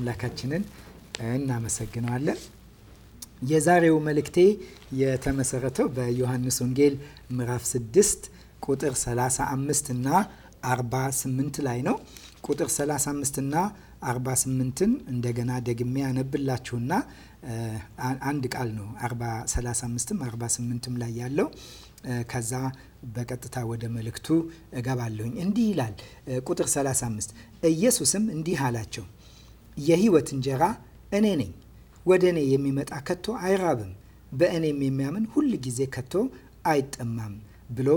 አምላካችንን እናመሰግነዋለን። የዛሬው መልእክቴ የተመሰረተው በዮሐንስ ወንጌል ምዕራፍ 6 ቁጥር 35 እና 48 ላይ ነው። ቁጥር 35 እና 48ን እንደገና ደግሜ ያነብላችሁና አንድ ቃል ነው 35ም 48ም ላይ ያለው ከዛ በቀጥታ ወደ መልእክቱ እገባለሁኝ። እንዲህ ይላል ቁጥር 35 ኢየሱስም እንዲህ አላቸው የህይወት እንጀራ እኔ ነኝ። ወደ እኔ የሚመጣ ከቶ አይራብም፣ በእኔም የሚያምን ሁል ጊዜ ከቶ አይጠማም ብሎ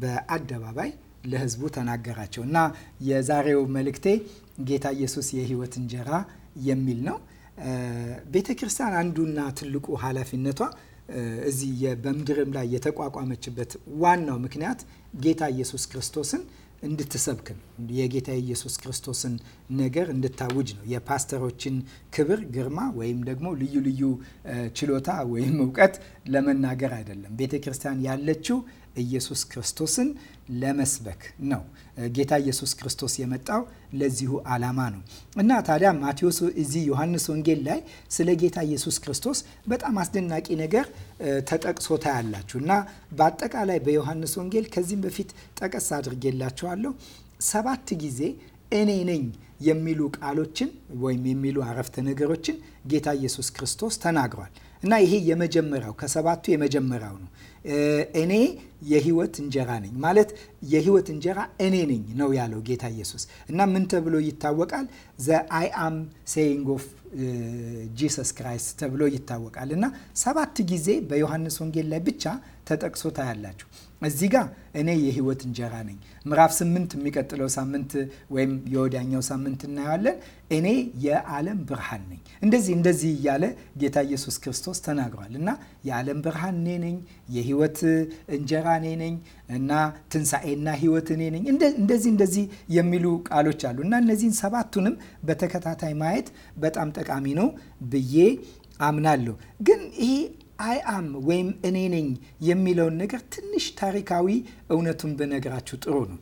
በአደባባይ ለህዝቡ ተናገራቸው እና የዛሬው መልእክቴ ጌታ ኢየሱስ የህይወት እንጀራ የሚል ነው። ቤተ ክርስቲያን አንዱና ትልቁ ኃላፊነቷ እዚህ በምድርም ላይ የተቋቋመችበት ዋናው ምክንያት ጌታ ኢየሱስ ክርስቶስን እንድትሰብክ ነው። የጌታ ኢየሱስ ክርስቶስን ነገር እንድታውጅ ነው። የፓስተሮችን ክብር፣ ግርማ ወይም ደግሞ ልዩ ልዩ ችሎታ ወይም እውቀት ለመናገር አይደለም። ቤተ ክርስቲያን ያለችው ኢየሱስ ክርስቶስን ለመስበክ ነው። ጌታ ኢየሱስ ክርስቶስ የመጣው ለዚሁ ዓላማ ነው እና ታዲያ ማቴዎስ እዚህ ዮሐንስ ወንጌል ላይ ስለ ጌታ ኢየሱስ ክርስቶስ በጣም አስደናቂ ነገር ተጠቅሶ ታያላችሁ እና በአጠቃላይ በዮሐንስ ወንጌል ከዚህም በፊት ጠቀስ አድርጌላችኋለሁ ሰባት ጊዜ እኔ ነኝ የሚሉ ቃሎችን ወይም የሚሉ አረፍተ ነገሮችን ጌታ ኢየሱስ ክርስቶስ ተናግሯል። እና ይሄ የመጀመሪያው ከሰባቱ የመጀመሪያው ነው። እኔ የህይወት እንጀራ ነኝ ማለት የህይወት እንጀራ እኔ ነኝ ነው ያለው ጌታ ኢየሱስ። እና ምን ተብሎ ይታወቃል? ዘ አይ አም ሴይንግ ኦፍ ጂሰስ ክራይስት ተብሎ ይታወቃል። እና ሰባት ጊዜ በዮሐንስ ወንጌል ላይ ብቻ ተጠቅሶ ታያላችሁ። እዚህ ጋር እኔ የህይወት እንጀራ ነኝ። ምዕራፍ ስምንት የሚቀጥለው ሳምንት ወይም የወዲያኛው ሳምንት እናየዋለን። እኔ የዓለም ብርሃን ነኝ። እንደዚህ እንደዚህ እያለ ጌታ ኢየሱስ ክርስቶስ ተናግሯል እና የዓለም ብርሃን እኔ ነኝ፣ የህይወት እንጀራ እኔ ነኝ እና ትንሣኤና ህይወት እኔ ነኝ። እንደዚህ እንደዚህ የሚሉ ቃሎች አሉ እና እነዚህን ሰባቱንም በተከታታይ ማየት በጣም ጠቃሚ ነው ብዬ አምናለሁ ግን ይሄ አይ አም ወይም እኔ ነኝ የሚለውን ነገር ትንሽ ታሪካዊ እውነቱን ብነግራችሁ ጥሩ ነው።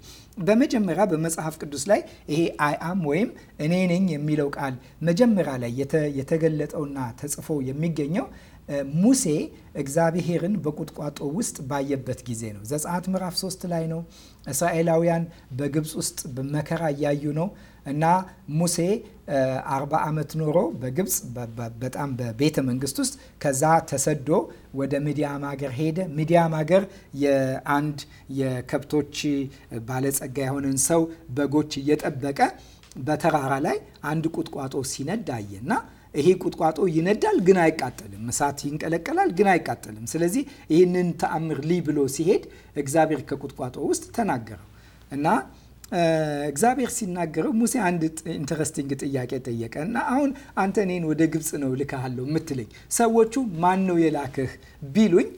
በመጀመሪያ በመጽሐፍ ቅዱስ ላይ ይሄ አይ አም ወይም እኔ ነኝ የሚለው ቃል መጀመሪያ ላይ የተገለጠውና ተጽፎ የሚገኘው ሙሴ እግዚአብሔርን በቁጥቋጦ ውስጥ ባየበት ጊዜ ነው። ዘጸአት ምዕራፍ 3 ላይ ነው። እስራኤላውያን በግብፅ ውስጥ መከራ እያዩ ነው። እና ሙሴ አርባ ዓመት ኖሮ በግብፅ በጣም በቤተ መንግስት ውስጥ ከዛ ተሰዶ ወደ ሚዲያም ሀገር ሄደ። ሚዲያም ሀገር የአንድ የከብቶች ባለጸጋ የሆነን ሰው በጎች እየጠበቀ በተራራ ላይ አንድ ቁጥቋጦ ሲነድ አየና ይሄ ቁጥቋጦ ይነዳል ግን አይቃጠልም። እሳት ይንቀለቀላል ግን አይቃጠልም። ስለዚህ ይህንን ተአምር ሊ ብሎ ሲሄድ እግዚአብሔር ከቁጥቋጦ ውስጥ ተናገረው እና እግዚአብሔር ሲናገረው ሙሴ አንድ ኢንተረስቲንግ ጥያቄ ጠየቀ እና አሁን አንተ እኔን ወደ ግብፅ ነው ልካሃለሁ የምትለኝ ሰዎቹ ማን ነው የላክህ ቢሉኝ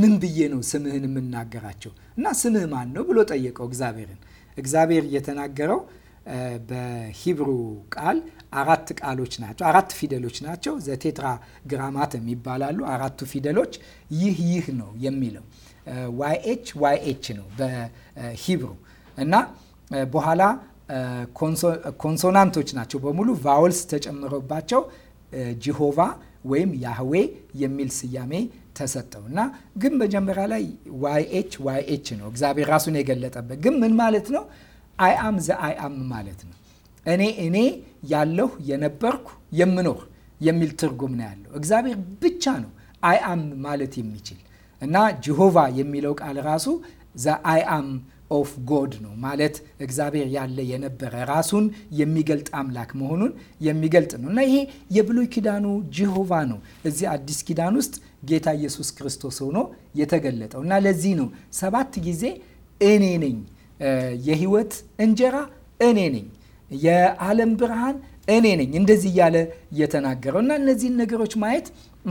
ምን ብዬ ነው ስምህን የምናገራቸው? እና ስምህ ማን ነው ብሎ ጠየቀው እግዚአብሔርን። እግዚአብሔር የተናገረው በሂብሩ ቃል አራት ቃሎች ናቸው፣ አራት ፊደሎች ናቸው። ዘቴትራ ግራማት የሚባላሉ አራቱ ፊደሎች ይህ ይህ ነው የሚለው ዋይ ኤች ዋይ ኤች ነው በሂብሩ እና በኋላ ኮንሶናንቶች ናቸው በሙሉ ቫውልስ ተጨምሮባቸው ጂሆቫ ወይም ያህዌ የሚል ስያሜ ተሰጠው እና ግን መጀመሪያ ላይ ዋይ ኤች ዋይ ኤች ነው እግዚአብሔር ራሱን የገለጠበት። ግን ምን ማለት ነው? አይ አም ዘ አይ አም ማለት ነው። እኔ እኔ ያለሁ የነበርኩ የምኖር የሚል ትርጉም ነው ያለው። እግዚአብሔር ብቻ ነው አይ አም ማለት የሚችል እና ጂሆቫ የሚለው ቃል ራሱ ዘ አይ አም ኦፍ ጎድ ነው ማለት እግዚአብሔር ያለ የነበረ ራሱን የሚገልጥ አምላክ መሆኑን የሚገልጥ ነው እና ይሄ የብሉይ ኪዳኑ ጅሆቫ ነው እዚህ አዲስ ኪዳን ውስጥ ጌታ ኢየሱስ ክርስቶስ ሆኖ የተገለጠው እና ለዚህ ነው ሰባት ጊዜ እኔ ነኝ፣ የህይወት እንጀራ እኔ ነኝ፣ የዓለም ብርሃን እኔ ነኝ እንደዚህ እያለ የተናገረው እና እነዚህን ነገሮች ማየት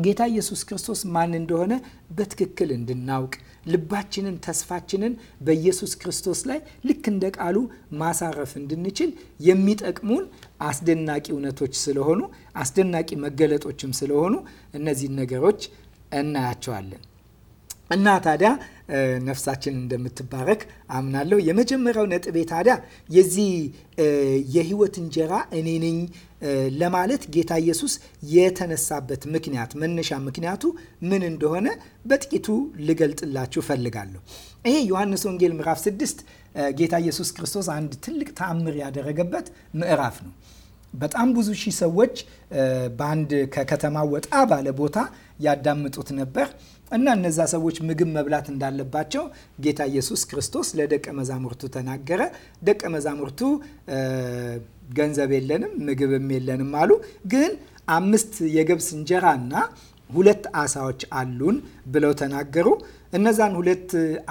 ጌታ ኢየሱስ ክርስቶስ ማን እንደሆነ በትክክል እንድናውቅ ልባችንን፣ ተስፋችንን በኢየሱስ ክርስቶስ ላይ ልክ እንደ ቃሉ ማሳረፍ እንድንችል የሚጠቅሙን አስደናቂ እውነቶች ስለሆኑ አስደናቂ መገለጦችም ስለሆኑ እነዚህን ነገሮች እናያቸዋለን እና ታዲያ ነፍሳችን እንደምትባረክ አምናለሁ። የመጀመሪያው ነጥቤ ታዲያ የዚህ የህይወት እንጀራ እኔ ነኝ ለማለት ጌታ ኢየሱስ የተነሳበት ምክንያት መነሻ ምክንያቱ ምን እንደሆነ በጥቂቱ ልገልጥላችሁ ፈልጋለሁ። ይሄ ዮሐንስ ወንጌል ምዕራፍ 6 ጌታ ኢየሱስ ክርስቶስ አንድ ትልቅ ተአምር ያደረገበት ምዕራፍ ነው። በጣም ብዙ ሺህ ሰዎች በአንድ ከከተማ ወጣ ባለ ቦታ ያዳምጡት ነበር። እና እነዛ ሰዎች ምግብ መብላት እንዳለባቸው ጌታ ኢየሱስ ክርስቶስ ለደቀ መዛሙርቱ ተናገረ። ደቀ መዛሙርቱ ገንዘብ የለንም ምግብም የለንም አሉ። ግን አምስት የገብስ እንጀራ እና ሁለት አሳዎች አሉን ብለው ተናገሩ። እነዛን ሁለት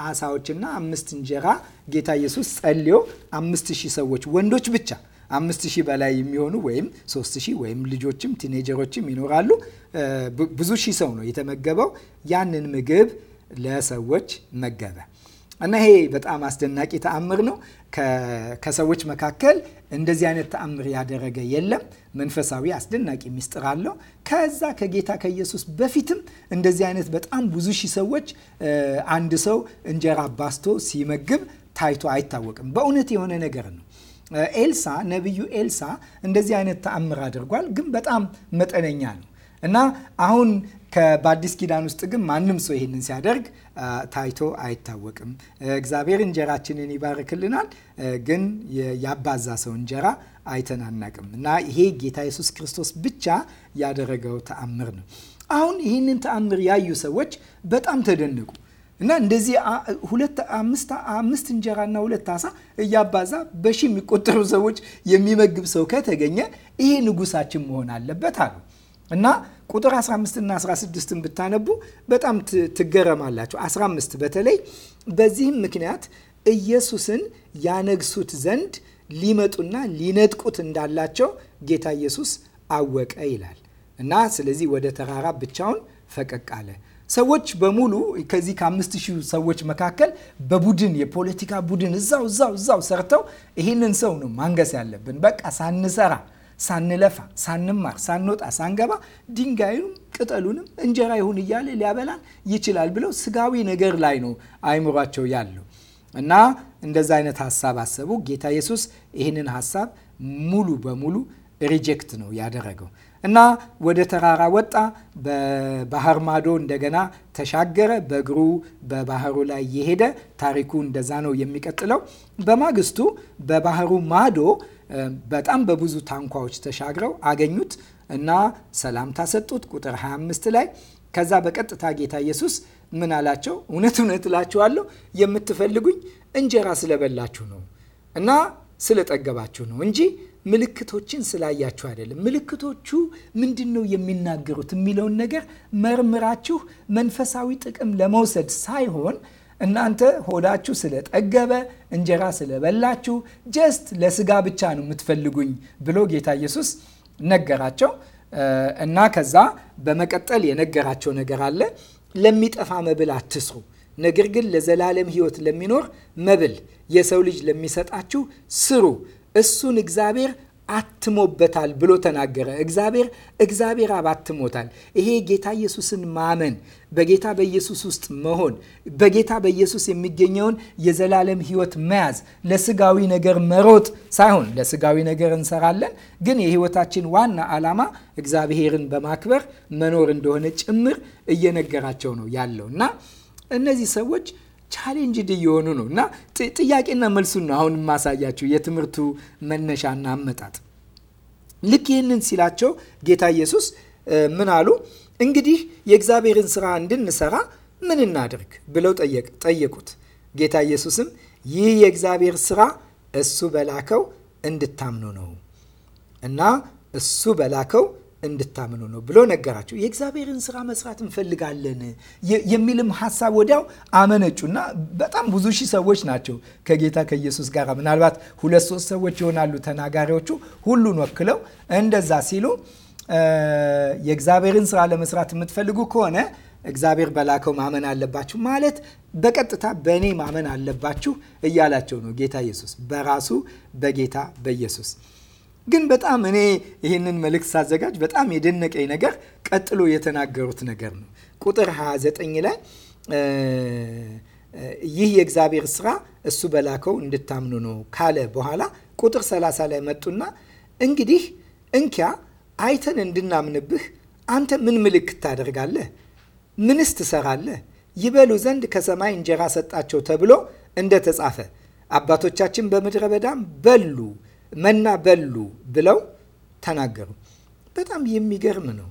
አሳዎችና አምስት እንጀራ ጌታ ኢየሱስ ጸልዮ አምስት ሺህ ሰዎች ወንዶች ብቻ አምስት ሺህ በላይ የሚሆኑ ወይም ሶስት ሺህ ወይም ልጆችም ቲኔጀሮችም ይኖራሉ። ብዙ ሺህ ሰው ነው የተመገበው። ያንን ምግብ ለሰዎች መገበ እና ይሄ በጣም አስደናቂ ተአምር ነው። ከሰዎች መካከል እንደዚህ አይነት ተአምር ያደረገ የለም። መንፈሳዊ አስደናቂ ሚስጥር አለው። ከዛ ከጌታ ከኢየሱስ በፊትም እንደዚህ አይነት በጣም ብዙ ሺህ ሰዎች አንድ ሰው እንጀራ ባስቶ ሲመግብ ታይቶ አይታወቅም። በእውነት የሆነ ነገር ነው። ኤልሳ ነቢዩ ኤልሳ እንደዚህ አይነት ተአምር አድርጓል፣ ግን በጣም መጠነኛ ነው እና አሁን በአዲስ ኪዳን ውስጥ ግን ማንም ሰው ይህንን ሲያደርግ ታይቶ አይታወቅም። እግዚአብሔር እንጀራችንን ይባርክልናል፣ ግን ያባዛ ሰው እንጀራ አይተናናቅም እና ይሄ ጌታ ኢየሱስ ክርስቶስ ብቻ ያደረገው ተአምር ነው። አሁን ይህንን ተአምር ያዩ ሰዎች በጣም ተደነቁ። እና እንደዚህ አምስት አምስት እንጀራና ሁለት አሳ እያባዛ በሺ የሚቆጠሩ ሰዎች የሚመግብ ሰው ከተገኘ ይሄ ንጉሳችን መሆን አለበት አሉ። እና ቁጥር 15 እና 16ን ብታነቡ በጣም ትገረማላችሁ። 15 በተለይ በዚህም ምክንያት ኢየሱስን ያነግሱት ዘንድ ሊመጡና ሊነጥቁት እንዳላቸው ጌታ ኢየሱስ አወቀ ይላል እና ስለዚህ ወደ ተራራ ብቻውን ፈቀቅ አለ። ሰዎች በሙሉ ከዚህ ከአምስት ሺህ ሰዎች መካከል በቡድን የፖለቲካ ቡድን እዛው እዛው እዛው ሰርተው ይህንን ሰው ነው ማንገስ ያለብን። በቃ ሳንሰራ ሳንለፋ ሳንማር ሳንወጣ ሳንገባ ድንጋዩም ቅጠሉንም እንጀራ ይሁን እያለ ሊያበላን ይችላል ብለው ስጋዊ ነገር ላይ ነው አይምሯቸው ያለው እና እንደዛ አይነት ሀሳብ አሰቡ። ጌታ ኢየሱስ ይህንን ሀሳብ ሙሉ በሙሉ ሪጀክት ነው ያደረገው። እና ወደ ተራራ ወጣ። በባህር ማዶ እንደገና ተሻገረ። በእግሩ በባህሩ ላይ እየሄደ ታሪኩ እንደዛ ነው የሚቀጥለው። በማግስቱ በባህሩ ማዶ በጣም በብዙ ታንኳዎች ተሻግረው አገኙት እና ሰላምታ ሰጡት። ቁጥር 25 ላይ ከዛ በቀጥታ ጌታ ኢየሱስ ምን አላቸው? እውነት እውነት እላችኋለሁ የምትፈልጉኝ እንጀራ ስለበላችሁ ነው እና ስለጠገባችሁ ነው እንጂ ምልክቶችን ስላያችሁ አይደለም። ምልክቶቹ ምንድን ነው የሚናገሩት የሚለውን ነገር መርምራችሁ መንፈሳዊ ጥቅም ለመውሰድ ሳይሆን እናንተ ሆዳችሁ ስለጠገበ እንጀራ ስለበላችሁ ጀስት ለስጋ ብቻ ነው የምትፈልጉኝ ብሎ ጌታ ኢየሱስ ነገራቸው እና ከዛ በመቀጠል የነገራቸው ነገር አለ። ለሚጠፋ መብል አትስሩ፣ ነገር ግን ለዘላለም ሕይወት ለሚኖር መብል የሰው ልጅ ለሚሰጣችሁ ስሩ እሱን እግዚአብሔር አትሞበታል ብሎ ተናገረ። እግዚአብሔር እግዚአብሔር አብ አትሞታል። ይሄ ጌታ ኢየሱስን ማመን፣ በጌታ በኢየሱስ ውስጥ መሆን፣ በጌታ በኢየሱስ የሚገኘውን የዘላለም ሕይወት መያዝ፣ ለስጋዊ ነገር መሮጥ ሳይሆን ለስጋዊ ነገር እንሰራለን፣ ግን የሕይወታችን ዋና ዓላማ እግዚአብሔርን በማክበር መኖር እንደሆነ ጭምር እየነገራቸው ነው ያለው እና እነዚህ ሰዎች ቻሌንጅድ እየሆኑ ነው እና ጥያቄና መልሱን ነው አሁን የማሳያቸው የትምህርቱ መነሻና አመጣጥ። ልክ ይህንን ሲላቸው ጌታ ኢየሱስ ምን አሉ? እንግዲህ የእግዚአብሔርን ስራ እንድንሰራ ምን እናድርግ ብለው ጠየቁት። ጌታ ኢየሱስም ይህ የእግዚአብሔር ስራ እሱ በላከው እንድታምኑ ነው እና እሱ በላከው እንድታምኑ ነው ብሎ ነገራቸው። የእግዚአብሔርን ስራ መስራት እንፈልጋለን የሚልም ሀሳብ ወዲያው አመነጩና በጣም ብዙ ሺህ ሰዎች ናቸው ከጌታ ከኢየሱስ ጋር ምናልባት ሁለት ሶስት ሰዎች ይሆናሉ ተናጋሪዎቹ ሁሉን ወክለው እንደዛ ሲሉ የእግዚአብሔርን ስራ ለመስራት የምትፈልጉ ከሆነ እግዚአብሔር በላከው ማመን አለባችሁ፣ ማለት በቀጥታ በእኔ ማመን አለባችሁ እያላቸው ነው ጌታ ኢየሱስ በራሱ በጌታ በኢየሱስ ግን በጣም እኔ ይህንን መልእክት ሳዘጋጅ በጣም የደነቀኝ ነገር ቀጥሎ የተናገሩት ነገር ነው። ቁጥር 29 ላይ ይህ የእግዚአብሔር ስራ እሱ በላከው እንድታምኑ ነው ካለ በኋላ ቁጥር 30 ላይ መጡና እንግዲህ እንኪያ አይተን እንድናምንብህ አንተ ምን ምልክት ታደርጋለህ? ምንስ ትሰራለህ? ይበሉ ዘንድ ከሰማይ እንጀራ ሰጣቸው ተብሎ እንደተጻፈ አባቶቻችን በምድረ በዳም በሉ መና በሉ ብለው ተናገሩ። በጣም የሚገርም ነው።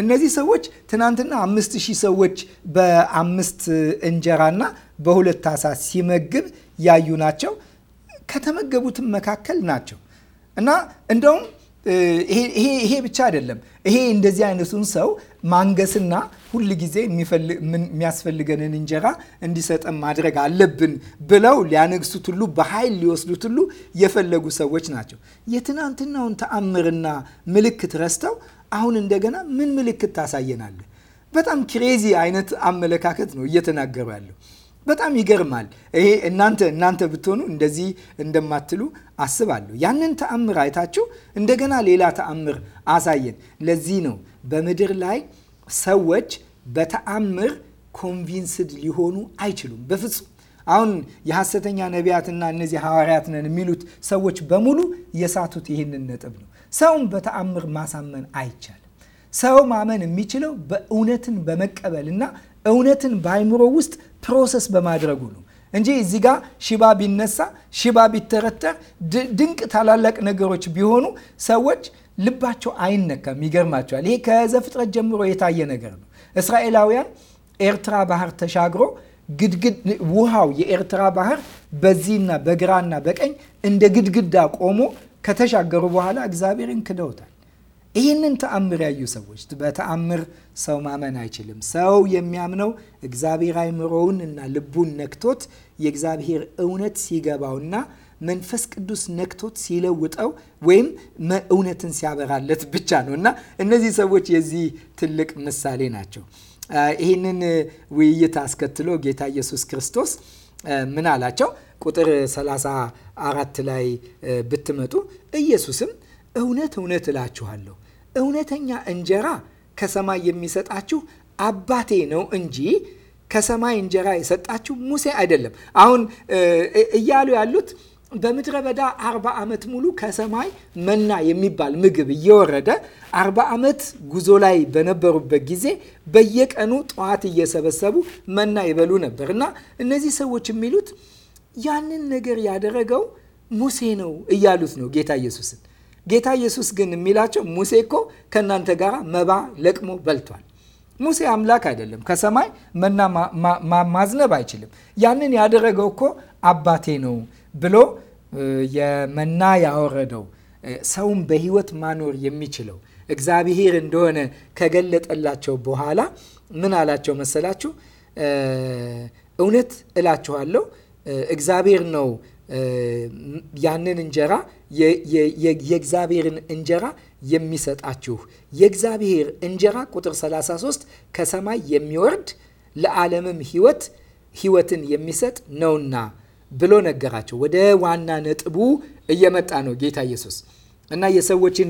እነዚህ ሰዎች ትናንትና አምስት ሺህ ሰዎች በአምስት እንጀራና በሁለት አሳ ሲመግብ ያዩ ናቸው። ከተመገቡትም መካከል ናቸው እና እንደውም ይሄ ብቻ አይደለም። ይሄ እንደዚህ አይነቱን ሰው ማንገስና ሁል ጊዜ የሚያስፈልገንን እንጀራ እንዲሰጠን ማድረግ አለብን ብለው ሊያነግሱት ሁሉ በኃይል ሊወስዱት ሁሉ የፈለጉ ሰዎች ናቸው። የትናንትናውን ተአምርና ምልክት ረስተው አሁን እንደገና ምን ምልክት ታሳየናለህ? በጣም ክሬዚ አይነት አመለካከት ነው እየተናገሩ ያለው። በጣም ይገርማል። ይሄ እናንተ እናንተ ብትሆኑ እንደዚህ እንደማትሉ አስባለሁ። ያንን ተአምር አይታችሁ እንደገና ሌላ ተአምር አሳየን። ለዚህ ነው በምድር ላይ ሰዎች በተአምር ኮንቪንስድ ሊሆኑ አይችሉም። በፍጹም አሁን የሐሰተኛ ነቢያትና እነዚህ ሐዋርያት ነን የሚሉት ሰዎች በሙሉ የሳቱት ይህንን ነጥብ ነው። ሰውን በተአምር ማሳመን አይቻልም። ሰው ማመን የሚችለው በእውነትን በመቀበል እና እውነትን በአይምሮ ውስጥ ፕሮሰስ በማድረጉ ነው እንጂ እዚህ ጋ ሽባ ቢነሳ፣ ሽባ ቢተረተር፣ ድንቅ ታላላቅ ነገሮች ቢሆኑ ሰዎች ልባቸው አይነካም። ይገርማቸዋል። ይሄ ከዘፍጥረት ጀምሮ የታየ ነገር ነው። እስራኤላውያን ኤርትራ ባህር ተሻግሮ ግድግድ ውሃው የኤርትራ ባህር በዚህና በግራና በቀኝ እንደ ግድግዳ ቆሞ ከተሻገሩ በኋላ እግዚአብሔርን ክደውታል። ይህንን ተአምር ያዩ ሰዎች በተአምር ሰው ማመን አይችልም። ሰው የሚያምነው እግዚአብሔር አይምሮውን እና ልቡን ነክቶት የእግዚአብሔር እውነት ሲገባውና መንፈስ ቅዱስ ነክቶት ሲለውጠው ወይም እውነትን ሲያበራለት ብቻ ነው እና እነዚህ ሰዎች የዚህ ትልቅ ምሳሌ ናቸው። ይህንን ውይይት አስከትሎ ጌታ ኢየሱስ ክርስቶስ ምን አላቸው? ቁጥር 34 ላይ ብትመጡ ኢየሱስም እውነት እውነት እላችኋለሁ እውነተኛ እንጀራ ከሰማይ የሚሰጣችሁ አባቴ ነው እንጂ ከሰማይ እንጀራ የሰጣችሁ ሙሴ አይደለም። አሁን እያሉ ያሉት በምድረ በዳ አርባ ዓመት ሙሉ ከሰማይ መና የሚባል ምግብ እየወረደ አርባ ዓመት ጉዞ ላይ በነበሩበት ጊዜ በየቀኑ ጠዋት እየሰበሰቡ መና ይበሉ ነበር እና እነዚህ ሰዎች የሚሉት ያንን ነገር ያደረገው ሙሴ ነው እያሉት ነው ጌታ ኢየሱስን። ጌታ ኢየሱስ ግን የሚላቸው ሙሴ እኮ ከእናንተ ጋር መባ ለቅሞ በልቷል። ሙሴ አምላክ አይደለም። ከሰማይ መና ማዝነብ አይችልም። ያንን ያደረገው እኮ አባቴ ነው ብሎ የመና ያወረደው ሰውን በህይወት ማኖር የሚችለው እግዚአብሔር እንደሆነ ከገለጠላቸው በኋላ ምን አላቸው መሰላችሁ? እውነት እላችኋለሁ እግዚአብሔር ነው ያንን እንጀራ የእግዚአብሔርን እንጀራ የሚሰጣችሁ የእግዚአብሔር እንጀራ ቁጥር 33 ከሰማይ የሚወርድ ለዓለምም ህይወት ህይወትን የሚሰጥ ነውና ብሎ ነገራቸው። ወደ ዋና ነጥቡ እየመጣ ነው ጌታ ኢየሱስ እና የሰዎችን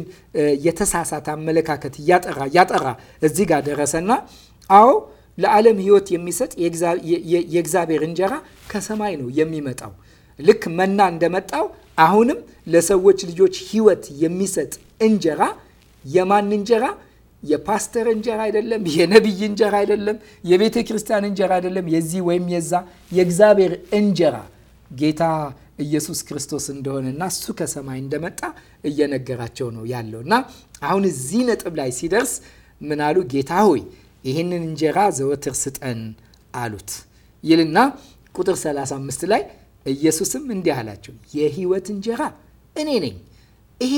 የተሳሳተ አመለካከት እያጠራ እያጠራ እዚህ ጋር ደረሰና አዎ ለዓለም ሕይወት የሚሰጥ የእግዚአብሔር እንጀራ ከሰማይ ነው የሚመጣው። ልክ መና እንደመጣው አሁንም ለሰዎች ልጆች ሕይወት የሚሰጥ እንጀራ የማን እንጀራ? የፓስተር እንጀራ አይደለም። የነቢይ እንጀራ አይደለም። የቤተ ክርስቲያን እንጀራ አይደለም። የዚህ ወይም የዛ የእግዚአብሔር እንጀራ ጌታ ኢየሱስ ክርስቶስ እንደሆነና እሱ ከሰማይ እንደመጣ እየነገራቸው ነው ያለው እና አሁን እዚህ ነጥብ ላይ ሲደርስ ምን አሉ? ጌታ ሆይ ይህንን እንጀራ ዘወትር ስጠን አሉት ይልና ቁጥር 35 ላይ ኢየሱስም እንዲህ አላቸው፣ የህይወት እንጀራ እኔ ነኝ። ይሄ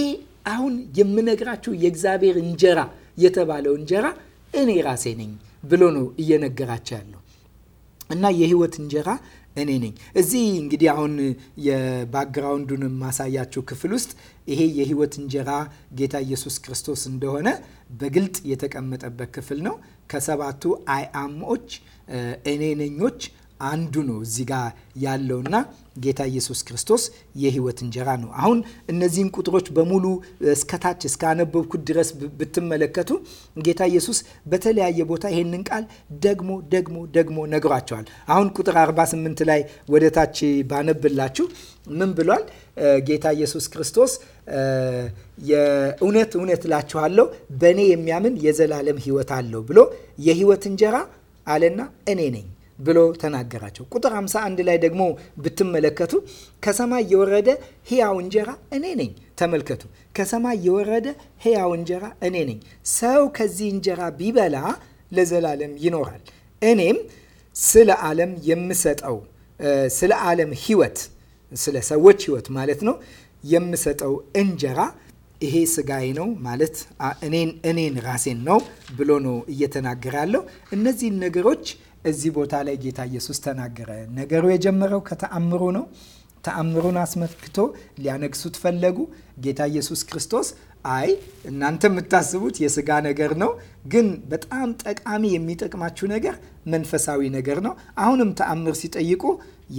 አሁን የምነግራችሁ የእግዚአብሔር እንጀራ የተባለው እንጀራ እኔ ራሴ ነኝ ብሎ ነው እየነገራቸው ያለው እና የህይወት እንጀራ እኔ ነኝ። እዚህ እንግዲህ አሁን የባክግራውንዱን የማሳያችሁ ክፍል ውስጥ ይሄ የህይወት እንጀራ ጌታ ኢየሱስ ክርስቶስ እንደሆነ በግልጥ የተቀመጠበት ክፍል ነው። ከሰባቱ አይ እኔ ነኞች አንዱ ነው እዚህ ጋር ያለውና ጌታ ኢየሱስ ክርስቶስ የህይወት እንጀራ ነው። አሁን እነዚህን ቁጥሮች በሙሉ እስከታች እስካነበብኩት ድረስ ብትመለከቱ ጌታ ኢየሱስ በተለያየ ቦታ ይህንን ቃል ደግሞ ደግሞ ደግሞ ነግሯቸዋል። አሁን ቁጥር 48 ላይ ወደ ታች ባነብላችሁ ምን ብሏል? ጌታ ኢየሱስ ክርስቶስ የእውነት እውነት እላችኋለሁ በእኔ የሚያምን የዘላለም ህይወት አለው ብሎ የህይወት እንጀራ አለና እኔ ነኝ ብሎ ተናገራቸው። ቁጥር 51 ላይ ደግሞ ብትመለከቱ ከሰማይ የወረደ ሕያው እንጀራ እኔ ነኝ። ተመልከቱ፣ ከሰማይ የወረደ ሕያው እንጀራ እኔ ነኝ። ሰው ከዚህ እንጀራ ቢበላ ለዘላለም ይኖራል። እኔም ስለ ዓለም የምሰጠው ስለ ዓለም ሕይወት ስለ ሰዎች ሕይወት ማለት ነው የምሰጠው እንጀራ ይሄ ስጋዬ ነው ማለት እኔን እኔን ራሴን ነው ብሎ ነው እየተናገረ ያለው እነዚህን ነገሮች እዚህ ቦታ ላይ ጌታ ኢየሱስ ተናገረ። ነገሩ የጀመረው ከተአምሩ ነው። ተአምሩን አስመልክቶ ሊያነግሱት ፈለጉ። ጌታ ኢየሱስ ክርስቶስ አይ እናንተ የምታስቡት የስጋ ነገር ነው፣ ግን በጣም ጠቃሚ የሚጠቅማችሁ ነገር መንፈሳዊ ነገር ነው። አሁንም ተአምር ሲጠይቁ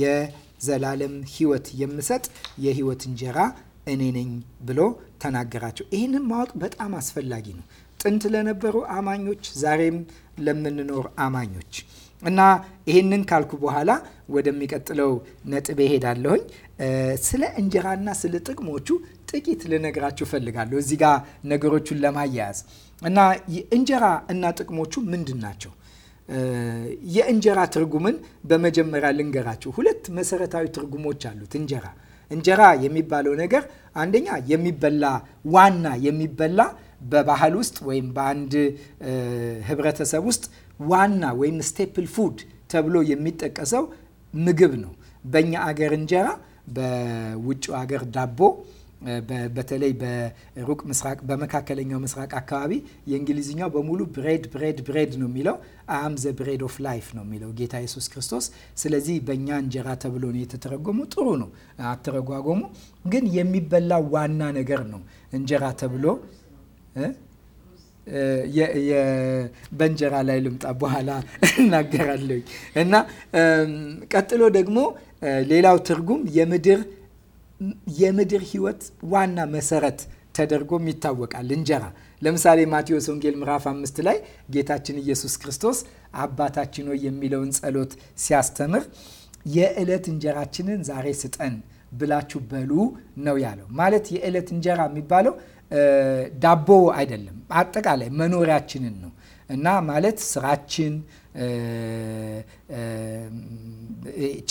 የዘላለም ሕይወት የምሰጥ የሕይወት እንጀራ እኔ ነኝ ብሎ ተናገራቸው። ይህንን ማወቅ በጣም አስፈላጊ ነው። ጥንት ለነበሩ አማኞች፣ ዛሬም ለምንኖር አማኞች እና ይህንን ካልኩ በኋላ ወደሚቀጥለው ነጥብ ይሄዳለሁኝ። ስለ እንጀራና ስለ ጥቅሞቹ ጥቂት ልነግራችሁ እፈልጋለሁ እዚህ ጋር ነገሮቹን ለማያያዝ እና እንጀራ እና ጥቅሞቹ ምንድን ናቸው? የእንጀራ ትርጉምን በመጀመሪያ ልንገራችሁ። ሁለት መሰረታዊ ትርጉሞች አሉት እንጀራ እንጀራ የሚባለው ነገር አንደኛ የሚበላ ዋና የሚበላ በባህል ውስጥ ወይም በአንድ ህብረተሰብ ውስጥ ዋና ወይም ስቴፕል ፉድ ተብሎ የሚጠቀሰው ምግብ ነው። በእኛ አገር እንጀራ፣ በውጭ አገር ዳቦ በተለይ በሩቅ ምስራቅ በመካከለኛው ምስራቅ አካባቢ የእንግሊዝኛው በሙሉ ብሬድ ብሬድ ብሬድ ነው የሚለው። አም ዘ ብሬድ ኦፍ ላይፍ ነው የሚለው ጌታ ኢየሱስ ክርስቶስ። ስለዚህ በእኛ እንጀራ ተብሎ ነው የተተረጎሙ። ጥሩ ነው አተረጓጎሙ፣ ግን የሚበላው ዋና ነገር ነው እንጀራ ተብሎ በእንጀራ ላይ ልምጣ በኋላ እናገራለሁ። እና ቀጥሎ ደግሞ ሌላው ትርጉም የምድር የምድር ህይወት ዋና መሰረት ተደርጎም ይታወቃል እንጀራ። ለምሳሌ ማቴዎስ ወንጌል ምዕራፍ አምስት ላይ ጌታችን ኢየሱስ ክርስቶስ አባታችን ሆይ የሚለውን ጸሎት ሲያስተምር የዕለት እንጀራችንን ዛሬ ስጠን ብላችሁ በሉ ነው ያለው። ማለት የዕለት እንጀራ የሚባለው ዳቦ አይደለም፣ አጠቃላይ መኖሪያችንን ነው እና ማለት ስራችን፣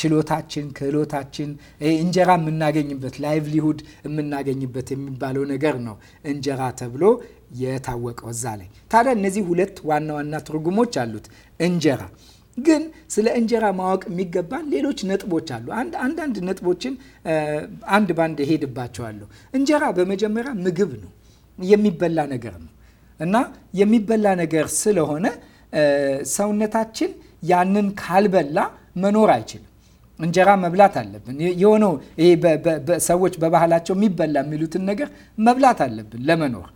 ችሎታችን፣ ክህሎታችን እንጀራ የምናገኝበት ላይቭሊሁድ የምናገኝበት የሚባለው ነገር ነው እንጀራ ተብሎ የታወቀው እዛ ላይ። ታዲያ እነዚህ ሁለት ዋና ዋና ትርጉሞች አሉት እንጀራ ግን ስለ እንጀራ ማወቅ የሚገባን ሌሎች ነጥቦች አሉ። አንዳንድ ነጥቦችን አንድ ባንድ ሄድባቸዋለሁ እንጀራ በመጀመሪያ ምግብ ነው፣ የሚበላ ነገር ነው እና የሚበላ ነገር ስለሆነ ሰውነታችን ያንን ካልበላ መኖር አይችልም። እንጀራ መብላት አለብን። የሆነው ይሄ ሰዎች በባህላቸው የሚበላ የሚሉትን ነገር መብላት አለብን ለመኖር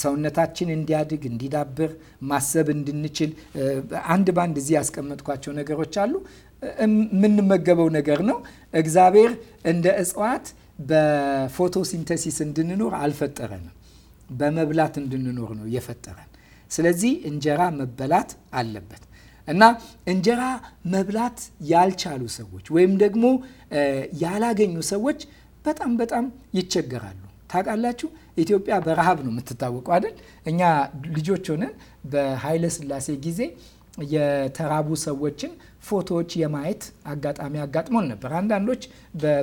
ሰውነታችን እንዲያድግ እንዲዳብር ማሰብ እንድንችል አንድ ባንድ እዚህ ያስቀመጥኳቸው ነገሮች አሉ። የምንመገበው ነገር ነው። እግዚአብሔር እንደ እጽዋት በፎቶሲንተሲስ እንድንኖር አልፈጠረንም። በመብላት እንድንኖር ነው የፈጠረን። ስለዚህ እንጀራ መበላት አለበት እና እንጀራ መብላት ያልቻሉ ሰዎች ወይም ደግሞ ያላገኙ ሰዎች በጣም በጣም ይቸገራሉ። ታውቃላችሁ ኢትዮጵያ በረሃብ ነው የምትታወቀው አይደል? እኛ ልጆች ሆነን በኃይለ ስላሴ ጊዜ የተራቡ ሰዎችን ፎቶዎች የማየት አጋጣሚ አጋጥሞን ነበር። አንዳንዶች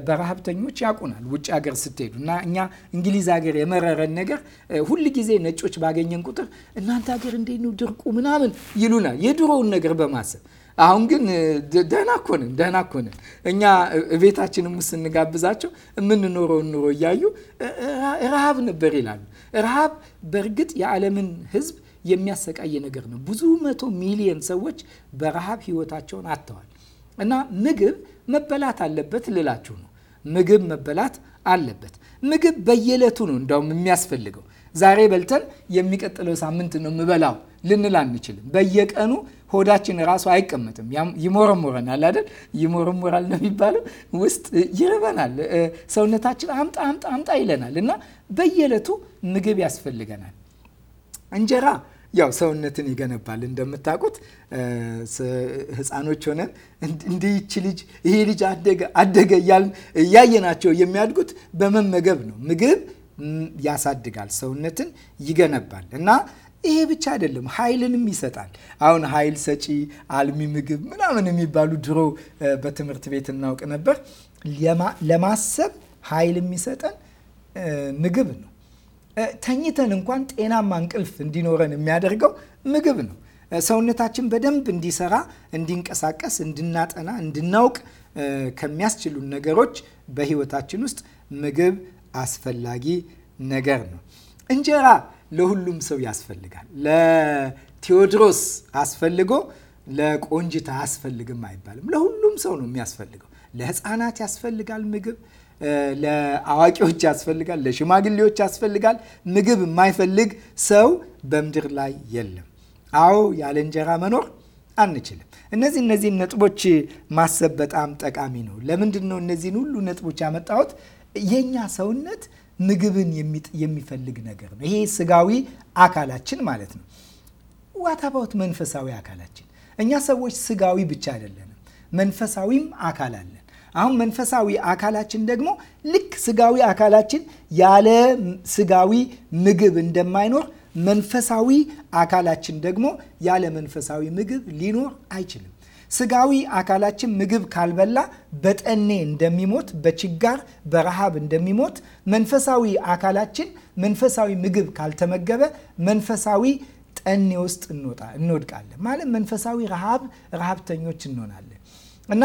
በረሃብተኞች ያውቁናል። ውጭ ሀገር ስትሄዱ እና እኛ እንግሊዝ ሀገር የመረረን ነገር ሁል ጊዜ ነጮች ባገኘን ቁጥር እናንተ ሀገር እንዴት ነው ድርቁ ምናምን ይሉናል፣ የድሮውን ነገር በማሰብ አሁን ግን ደህና ኮንን ደህና ኮንን። እኛ ቤታችንም ውስጥ ስንጋብዛቸው የምንኖረውን ኑሮ እያዩ ረሃብ ነበር ይላሉ። ረሃብ በእርግጥ የዓለምን ሕዝብ የሚያሰቃይ ነገር ነው። ብዙ መቶ ሚሊየን ሰዎች በረሃብ ህይወታቸውን አጥተዋል። እና ምግብ መበላት አለበት ልላችሁ ነው። ምግብ መበላት አለበት። ምግብ በየዕለቱ ነው እንደውም የሚያስፈልገው ዛሬ በልተን የሚቀጥለው ሳምንት ነው የምበላው ልንል አንችልም። በየቀኑ ሆዳችን ራሱ አይቀመጥም። ይሞረሞረናል አይደል? ይሞረሞራል ነው የሚባለው። ውስጥ ይርበናል። ሰውነታችን አምጣ አምጣ አምጣ ይለናል እና በየዕለቱ ምግብ ያስፈልገናል። እንጀራ ያው ሰውነትን ይገነባል እንደምታውቁት። ህፃኖች ሆነን እንዲች ልጅ ይሄ ልጅ አደገ አደገ እያየናቸው የሚያድጉት በመመገብ ነው ምግብ ያሳድጋል፣ ሰውነትን ይገነባል እና ይሄ ብቻ አይደለም፣ ኃይልንም ይሰጣል። አሁን ኃይል ሰጪ አልሚ ምግብ ምናምን የሚባሉ ድሮ በትምህርት ቤት እናውቅ ነበር። ለማሰብ ኃይል የሚሰጠን ምግብ ነው። ተኝተን እንኳን ጤናማ እንቅልፍ እንዲኖረን የሚያደርገው ምግብ ነው። ሰውነታችን በደንብ እንዲሰራ፣ እንዲንቀሳቀስ፣ እንድናጠና፣ እንድናውቅ ከሚያስችሉን ነገሮች በህይወታችን ውስጥ ምግብ አስፈላጊ ነገር ነው። እንጀራ ለሁሉም ሰው ያስፈልጋል። ለቴዎድሮስ አስፈልጎ ለቆንጅታ አስፈልግም አይባልም። ለሁሉም ሰው ነው የሚያስፈልገው። ለሕፃናት ያስፈልጋል ምግብ፣ ለአዋቂዎች ያስፈልጋል፣ ለሽማግሌዎች ያስፈልጋል። ምግብ የማይፈልግ ሰው በምድር ላይ የለም። አዎ ያለ እንጀራ መኖር አንችልም። እነዚህ እነዚህን ነጥቦች ማሰብ በጣም ጠቃሚ ነው። ለምንድን ነው እነዚህን ሁሉ ነጥቦች ያመጣሁት? የኛ ሰውነት ምግብን የሚፈልግ ነገር ነው። ይሄ ስጋዊ አካላችን ማለት ነው። ዋታባውት መንፈሳዊ አካላችን እኛ ሰዎች ስጋዊ ብቻ አይደለንም፣ መንፈሳዊም አካል አለን። አሁን መንፈሳዊ አካላችን ደግሞ ልክ ስጋዊ አካላችን ያለ ስጋዊ ምግብ እንደማይኖር መንፈሳዊ አካላችን ደግሞ ያለ መንፈሳዊ ምግብ ሊኖር አይችልም። ስጋዊ አካላችን ምግብ ካልበላ በጠኔ እንደሚሞት፣ በችጋር በረሃብ እንደሚሞት መንፈሳዊ አካላችን መንፈሳዊ ምግብ ካልተመገበ መንፈሳዊ ጠኔ ውስጥ እንወድቃለን። ማለት መንፈሳዊ ረሃብ ረሃብተኞች እንሆናለን። እና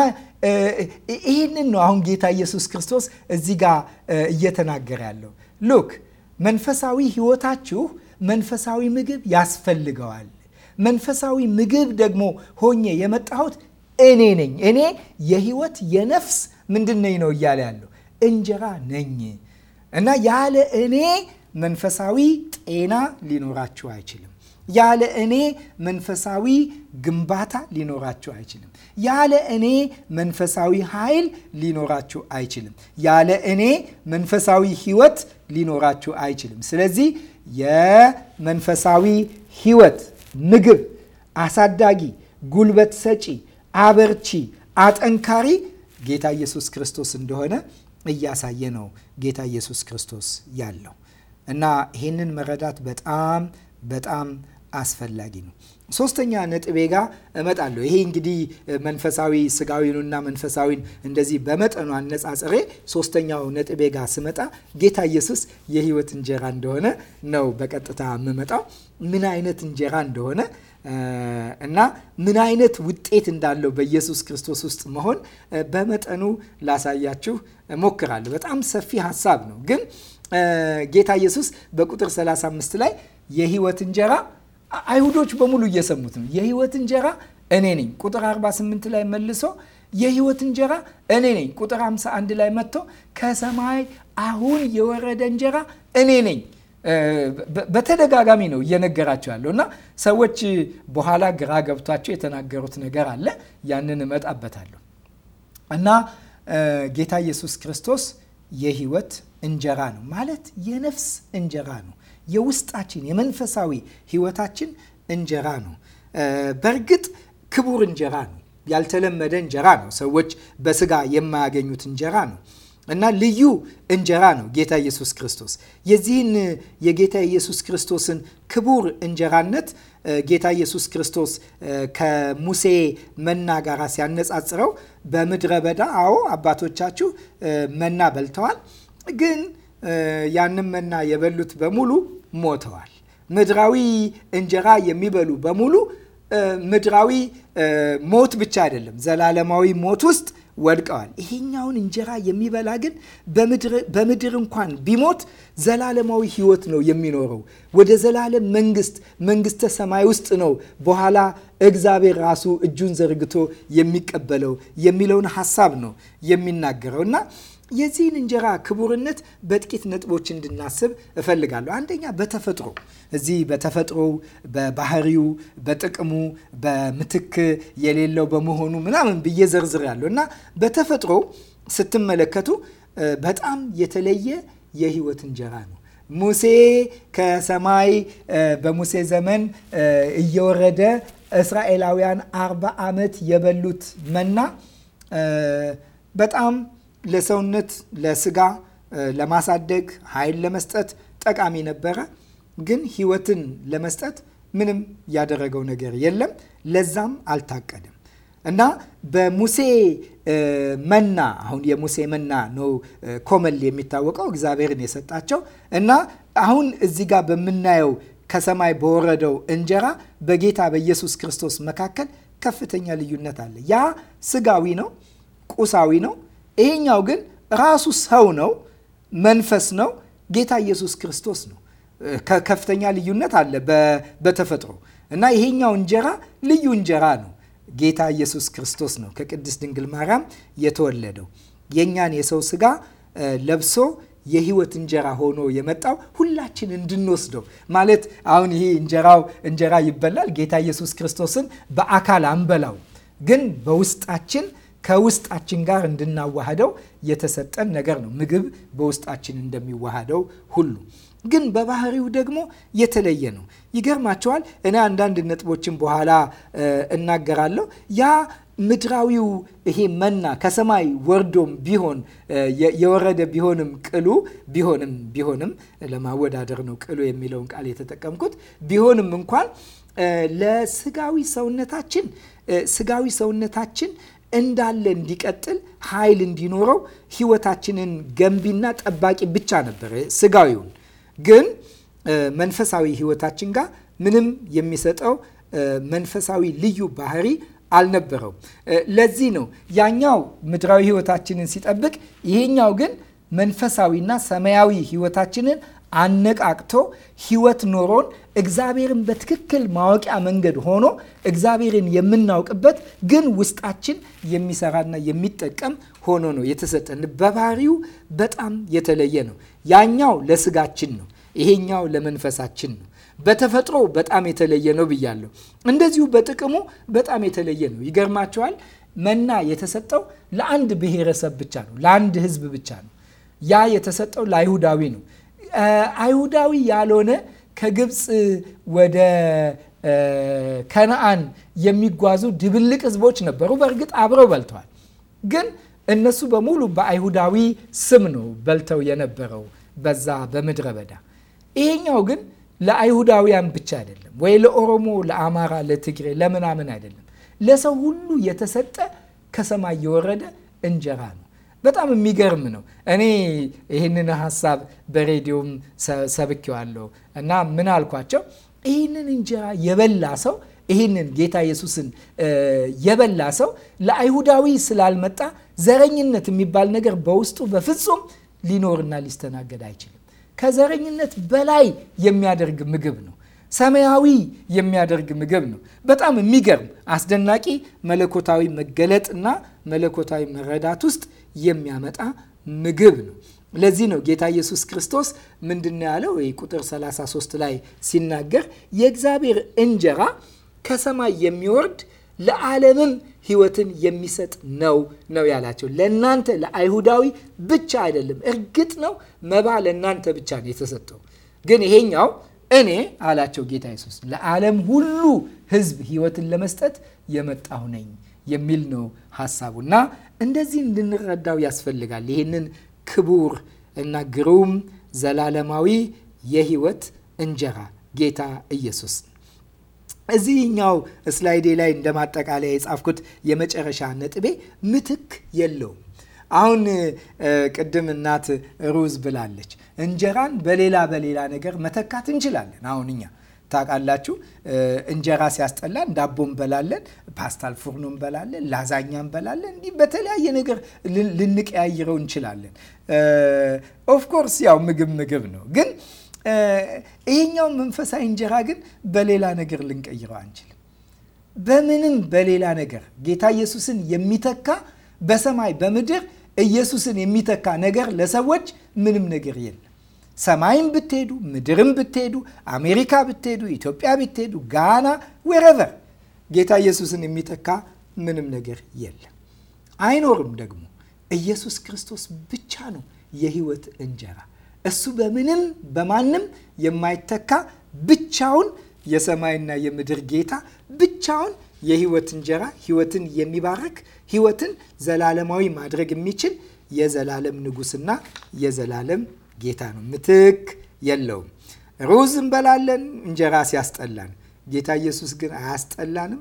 ይህንን ነው አሁን ጌታ ኢየሱስ ክርስቶስ እዚህ ጋር እየተናገረ ያለው ሉክ መንፈሳዊ ህይወታችሁ መንፈሳዊ ምግብ ያስፈልገዋል መንፈሳዊ ምግብ ደግሞ ሆኜ የመጣሁት እኔ ነኝ። እኔ የህይወት የነፍስ ምንድን ነኝ ነው እያለ ያለው እንጀራ ነኝ እና ያለ እኔ መንፈሳዊ ጤና ሊኖራችሁ አይችልም። ያለ እኔ መንፈሳዊ ግንባታ ሊኖራችሁ አይችልም። ያለ እኔ መንፈሳዊ ኃይል ሊኖራችሁ አይችልም። ያለ እኔ መንፈሳዊ ህይወት ሊኖራችሁ አይችልም። ስለዚህ የመንፈሳዊ ህይወት ምግብ፣ አሳዳጊ፣ ጉልበት ሰጪ፣ አበርቺ፣ አጠንካሪ ጌታ ኢየሱስ ክርስቶስ እንደሆነ እያሳየ ነው ጌታ ኢየሱስ ክርስቶስ ያለው እና ይህንን መረዳት በጣም በጣም አስፈላጊ ነው። ሶስተኛ ነጥቤ ጋ እመጣለሁ። ይሄ እንግዲህ መንፈሳዊ ስጋዊንና መንፈሳዊን እንደዚህ በመጠኑ አነጻጽሬ ሶስተኛው ነጥቤ ጋ ስመጣ ጌታ ኢየሱስ የህይወት እንጀራ እንደሆነ ነው በቀጥታ የምመጣው ምን አይነት እንጀራ እንደሆነ እና ምን አይነት ውጤት እንዳለው በኢየሱስ ክርስቶስ ውስጥ መሆን በመጠኑ ላሳያችሁ እሞክራለሁ። በጣም ሰፊ ሀሳብ ነው፣ ግን ጌታ ኢየሱስ በቁጥር 35 ላይ የህይወት እንጀራ አይሁዶች በሙሉ እየሰሙት ነው። የህይወት እንጀራ እኔ ነኝ። ቁጥር 48 ላይ መልሶ የህይወት እንጀራ እኔ ነኝ። ቁጥር 51 ላይ መጥቶ ከሰማይ አሁን የወረደ እንጀራ እኔ ነኝ። በተደጋጋሚ ነው እየነገራቸው ያለው እና ሰዎች በኋላ ግራ ገብቷቸው የተናገሩት ነገር አለ። ያንን እመጣበታለሁ እና ጌታ ኢየሱስ ክርስቶስ የህይወት እንጀራ ነው ማለት የነፍስ እንጀራ ነው የውስጣችን የመንፈሳዊ ህይወታችን እንጀራ ነው። በእርግጥ ክቡር እንጀራ ነው። ያልተለመደ እንጀራ ነው። ሰዎች በስጋ የማያገኙት እንጀራ ነው እና ልዩ እንጀራ ነው ጌታ ኢየሱስ ክርስቶስ። የዚህን የጌታ ኢየሱስ ክርስቶስን ክቡር እንጀራነት ጌታ ኢየሱስ ክርስቶስ ከሙሴ መና ጋር ሲያነጻጽረው በምድረ በዳ አዎ አባቶቻችሁ መና በልተዋል ግን ያንም መና የበሉት በሙሉ ሞተዋል። ምድራዊ እንጀራ የሚበሉ በሙሉ ምድራዊ ሞት ብቻ አይደለም፣ ዘላለማዊ ሞት ውስጥ ወድቀዋል። ይሄኛውን እንጀራ የሚበላ ግን በምድር እንኳን ቢሞት ዘላለማዊ ሕይወት ነው የሚኖረው። ወደ ዘላለም መንግስት መንግስተ ሰማይ ውስጥ ነው በኋላ እግዚአብሔር ራሱ እጁን ዘርግቶ የሚቀበለው የሚለውን ሀሳብ ነው የሚናገረው እና የዚህን እንጀራ ክቡርነት በጥቂት ነጥቦች እንድናስብ እፈልጋለሁ። አንደኛ በተፈጥሮ እዚህ በተፈጥሮው፣ በባህሪው፣ በጥቅሙ፣ በምትክ የሌለው በመሆኑ ምናምን ብዬ ዘርዝር ያለሁ እና በተፈጥሮ ስትመለከቱ በጣም የተለየ የህይወት እንጀራ ነው። ሙሴ ከሰማይ በሙሴ ዘመን እየወረደ እስራኤላውያን አርባ ዓመት የበሉት መና በጣም ለሰውነት ለስጋ ለማሳደግ ኃይል ለመስጠት ጠቃሚ ነበረ። ግን ህይወትን ለመስጠት ምንም ያደረገው ነገር የለም። ለዛም አልታቀደም እና በሙሴ መና አሁን የሙሴ መና ነው ኮመል የሚታወቀው እግዚአብሔርን የሰጣቸው እና አሁን እዚህ ጋር በምናየው ከሰማይ በወረደው እንጀራ በጌታ በኢየሱስ ክርስቶስ መካከል ከፍተኛ ልዩነት አለ። ያ ስጋዊ ነው፣ ቁሳዊ ነው ይሄኛው ግን ራሱ ሰው ነው፣ መንፈስ ነው፣ ጌታ ኢየሱስ ክርስቶስ ነው። ከፍተኛ ልዩነት አለ በተፈጥሮ እና ይሄኛው እንጀራ ልዩ እንጀራ ነው። ጌታ ኢየሱስ ክርስቶስ ነው ከቅድስት ድንግል ማርያም የተወለደው የእኛን የሰው ስጋ ለብሶ የህይወት እንጀራ ሆኖ የመጣው ሁላችን እንድንወስደው ማለት አሁን ይሄ እንጀራው እንጀራ ይበላል። ጌታ ኢየሱስ ክርስቶስን በአካል አንበላው፣ ግን በውስጣችን ከውስጣችን ጋር እንድናዋህደው የተሰጠን ነገር ነው። ምግብ በውስጣችን እንደሚዋሃደው ሁሉ ግን በባህሪው ደግሞ የተለየ ነው። ይገርማቸዋል። እኔ አንዳንድ ነጥቦችን በኋላ እናገራለሁ። ያ ምድራዊው ይሄ መና ከሰማይ ወርዶም ቢሆን የወረደ ቢሆንም ቅሉ ቢሆንም ቢሆንም ለማወዳደር ነው ቅሉ የሚለውን ቃል የተጠቀምኩት ቢሆንም እንኳን ለስጋዊ ሰውነታችን ስጋዊ ሰውነታችን እንዳለ እንዲቀጥል ኃይል እንዲኖረው ህይወታችንን ገንቢና ጠባቂ ብቻ ነበር። ስጋዊውን ግን መንፈሳዊ ህይወታችን ጋር ምንም የሚሰጠው መንፈሳዊ ልዩ ባህሪ አልነበረው። ለዚህ ነው ያኛው ምድራዊ ህይወታችንን ሲጠብቅ፣ ይሄኛው ግን መንፈሳዊና ሰማያዊ ህይወታችንን አነቃቅቶ ህይወት ኖሮን እግዚአብሔርን በትክክል ማወቂያ መንገድ ሆኖ እግዚአብሔርን የምናውቅበት ግን ውስጣችን የሚሰራና የሚጠቀም ሆኖ ነው የተሰጠን። በባህሪው በጣም የተለየ ነው። ያኛው ለስጋችን ነው፣ ይሄኛው ለመንፈሳችን ነው። በተፈጥሮ በጣም የተለየ ነው ብያለሁ። እንደዚሁ በጥቅሙ በጣም የተለየ ነው። ይገርማቸዋል። መና የተሰጠው ለአንድ ብሔረሰብ ብቻ ነው፣ ለአንድ ህዝብ ብቻ ነው። ያ የተሰጠው ለአይሁዳዊ ነው። አይሁዳዊ ያልሆነ ከግብፅ ወደ ከነአን የሚጓዙ ድብልቅ ህዝቦች ነበሩ። በእርግጥ አብረው በልተዋል፣ ግን እነሱ በሙሉ በአይሁዳዊ ስም ነው በልተው የነበረው በዛ በምድረ በዳ። ይሄኛው ግን ለአይሁዳውያን ብቻ አይደለም ወይ ለኦሮሞ፣ ለአማራ፣ ለትግሬ፣ ለምናምን አይደለም። ለሰው ሁሉ የተሰጠ ከሰማይ የወረደ እንጀራ ነው። በጣም የሚገርም ነው። እኔ ይህንን ሀሳብ በሬዲዮም ሰብኬዋለሁ እና ምን አልኳቸው? ይህንን እንጀራ የበላ ሰው ይህንን ጌታ ኢየሱስን የበላ ሰው ለአይሁዳዊ ስላልመጣ ዘረኝነት የሚባል ነገር በውስጡ በፍጹም ሊኖርና ሊስተናገድ አይችልም። ከዘረኝነት በላይ የሚያደርግ ምግብ ነው። ሰማያዊ የሚያደርግ ምግብ ነው። በጣም የሚገርም አስደናቂ መለኮታዊ መገለጥና መለኮታዊ መረዳት ውስጥ የሚያመጣ ምግብ ነው። ለዚህ ነው ጌታ ኢየሱስ ክርስቶስ ምንድነው ያለው? ቁጥር 33 ላይ ሲናገር የእግዚአብሔር እንጀራ ከሰማይ የሚወርድ ለዓለምም ሕይወትን የሚሰጥ ነው ነው ያላቸው። ለእናንተ ለአይሁዳዊ ብቻ አይደለም። እርግጥ ነው መባ ለእናንተ ብቻ ነው የተሰጠው፣ ግን ይሄኛው እኔ አላቸው ጌታ ኢየሱስ ለዓለም ሁሉ ሕዝብ ሕይወትን ለመስጠት የመጣሁ ነኝ የሚል ነው ሀሳቡና እንደዚህ እንድንረዳው ያስፈልጋል። ይህንን ክቡር እና ግሩም ዘላለማዊ የህይወት እንጀራ ጌታ ኢየሱስ እዚህኛው ስላይዴ ላይ እንደ ማጠቃለያ የጻፍኩት የመጨረሻ ነጥቤ ምትክ የለውም። አሁን ቅድም እናት ሩዝ ብላለች። እንጀራን በሌላ በሌላ ነገር መተካት እንችላለን። አሁን እኛ ታውቃላችሁ፣ እንጀራ ሲያስጠላን ዳቦ እንበላለን፣ ፓስታል ፉርኖ እንበላለን፣ ላዛኛ እንበላለን። እንዲህ በተለያየ ነገር ልንቀያይረው እንችላለን። ኦፍኮርስ ያው ምግብ ምግብ ነው፣ ግን ይሄኛው መንፈሳዊ እንጀራ ግን በሌላ ነገር ልንቀይረው አንችልም። በምንም በሌላ ነገር ጌታ ኢየሱስን የሚተካ በሰማይ በምድር ኢየሱስን የሚተካ ነገር ለሰዎች ምንም ነገር የለም። ሰማይም ብትሄዱ፣ ምድርም ብትሄዱ፣ አሜሪካ ብትሄዱ፣ ኢትዮጵያ ብትሄዱ፣ ጋና ወረቨር ጌታ ኢየሱስን የሚተካ ምንም ነገር የለም፣ አይኖርም። ደግሞ ኢየሱስ ክርስቶስ ብቻ ነው የህይወት እንጀራ። እሱ በምንም በማንም የማይተካ ብቻውን የሰማይና የምድር ጌታ ብቻውን የህይወት እንጀራ ህይወትን የሚባረክ ህይወትን ዘላለማዊ ማድረግ የሚችል የዘላለም ንጉስና የዘላለም ጌታ ነው። ምትክ የለውም። ሩዝ እንበላለን እንጀራ ሲያስጠላን፣ ጌታ ኢየሱስ ግን አያስጠላንም።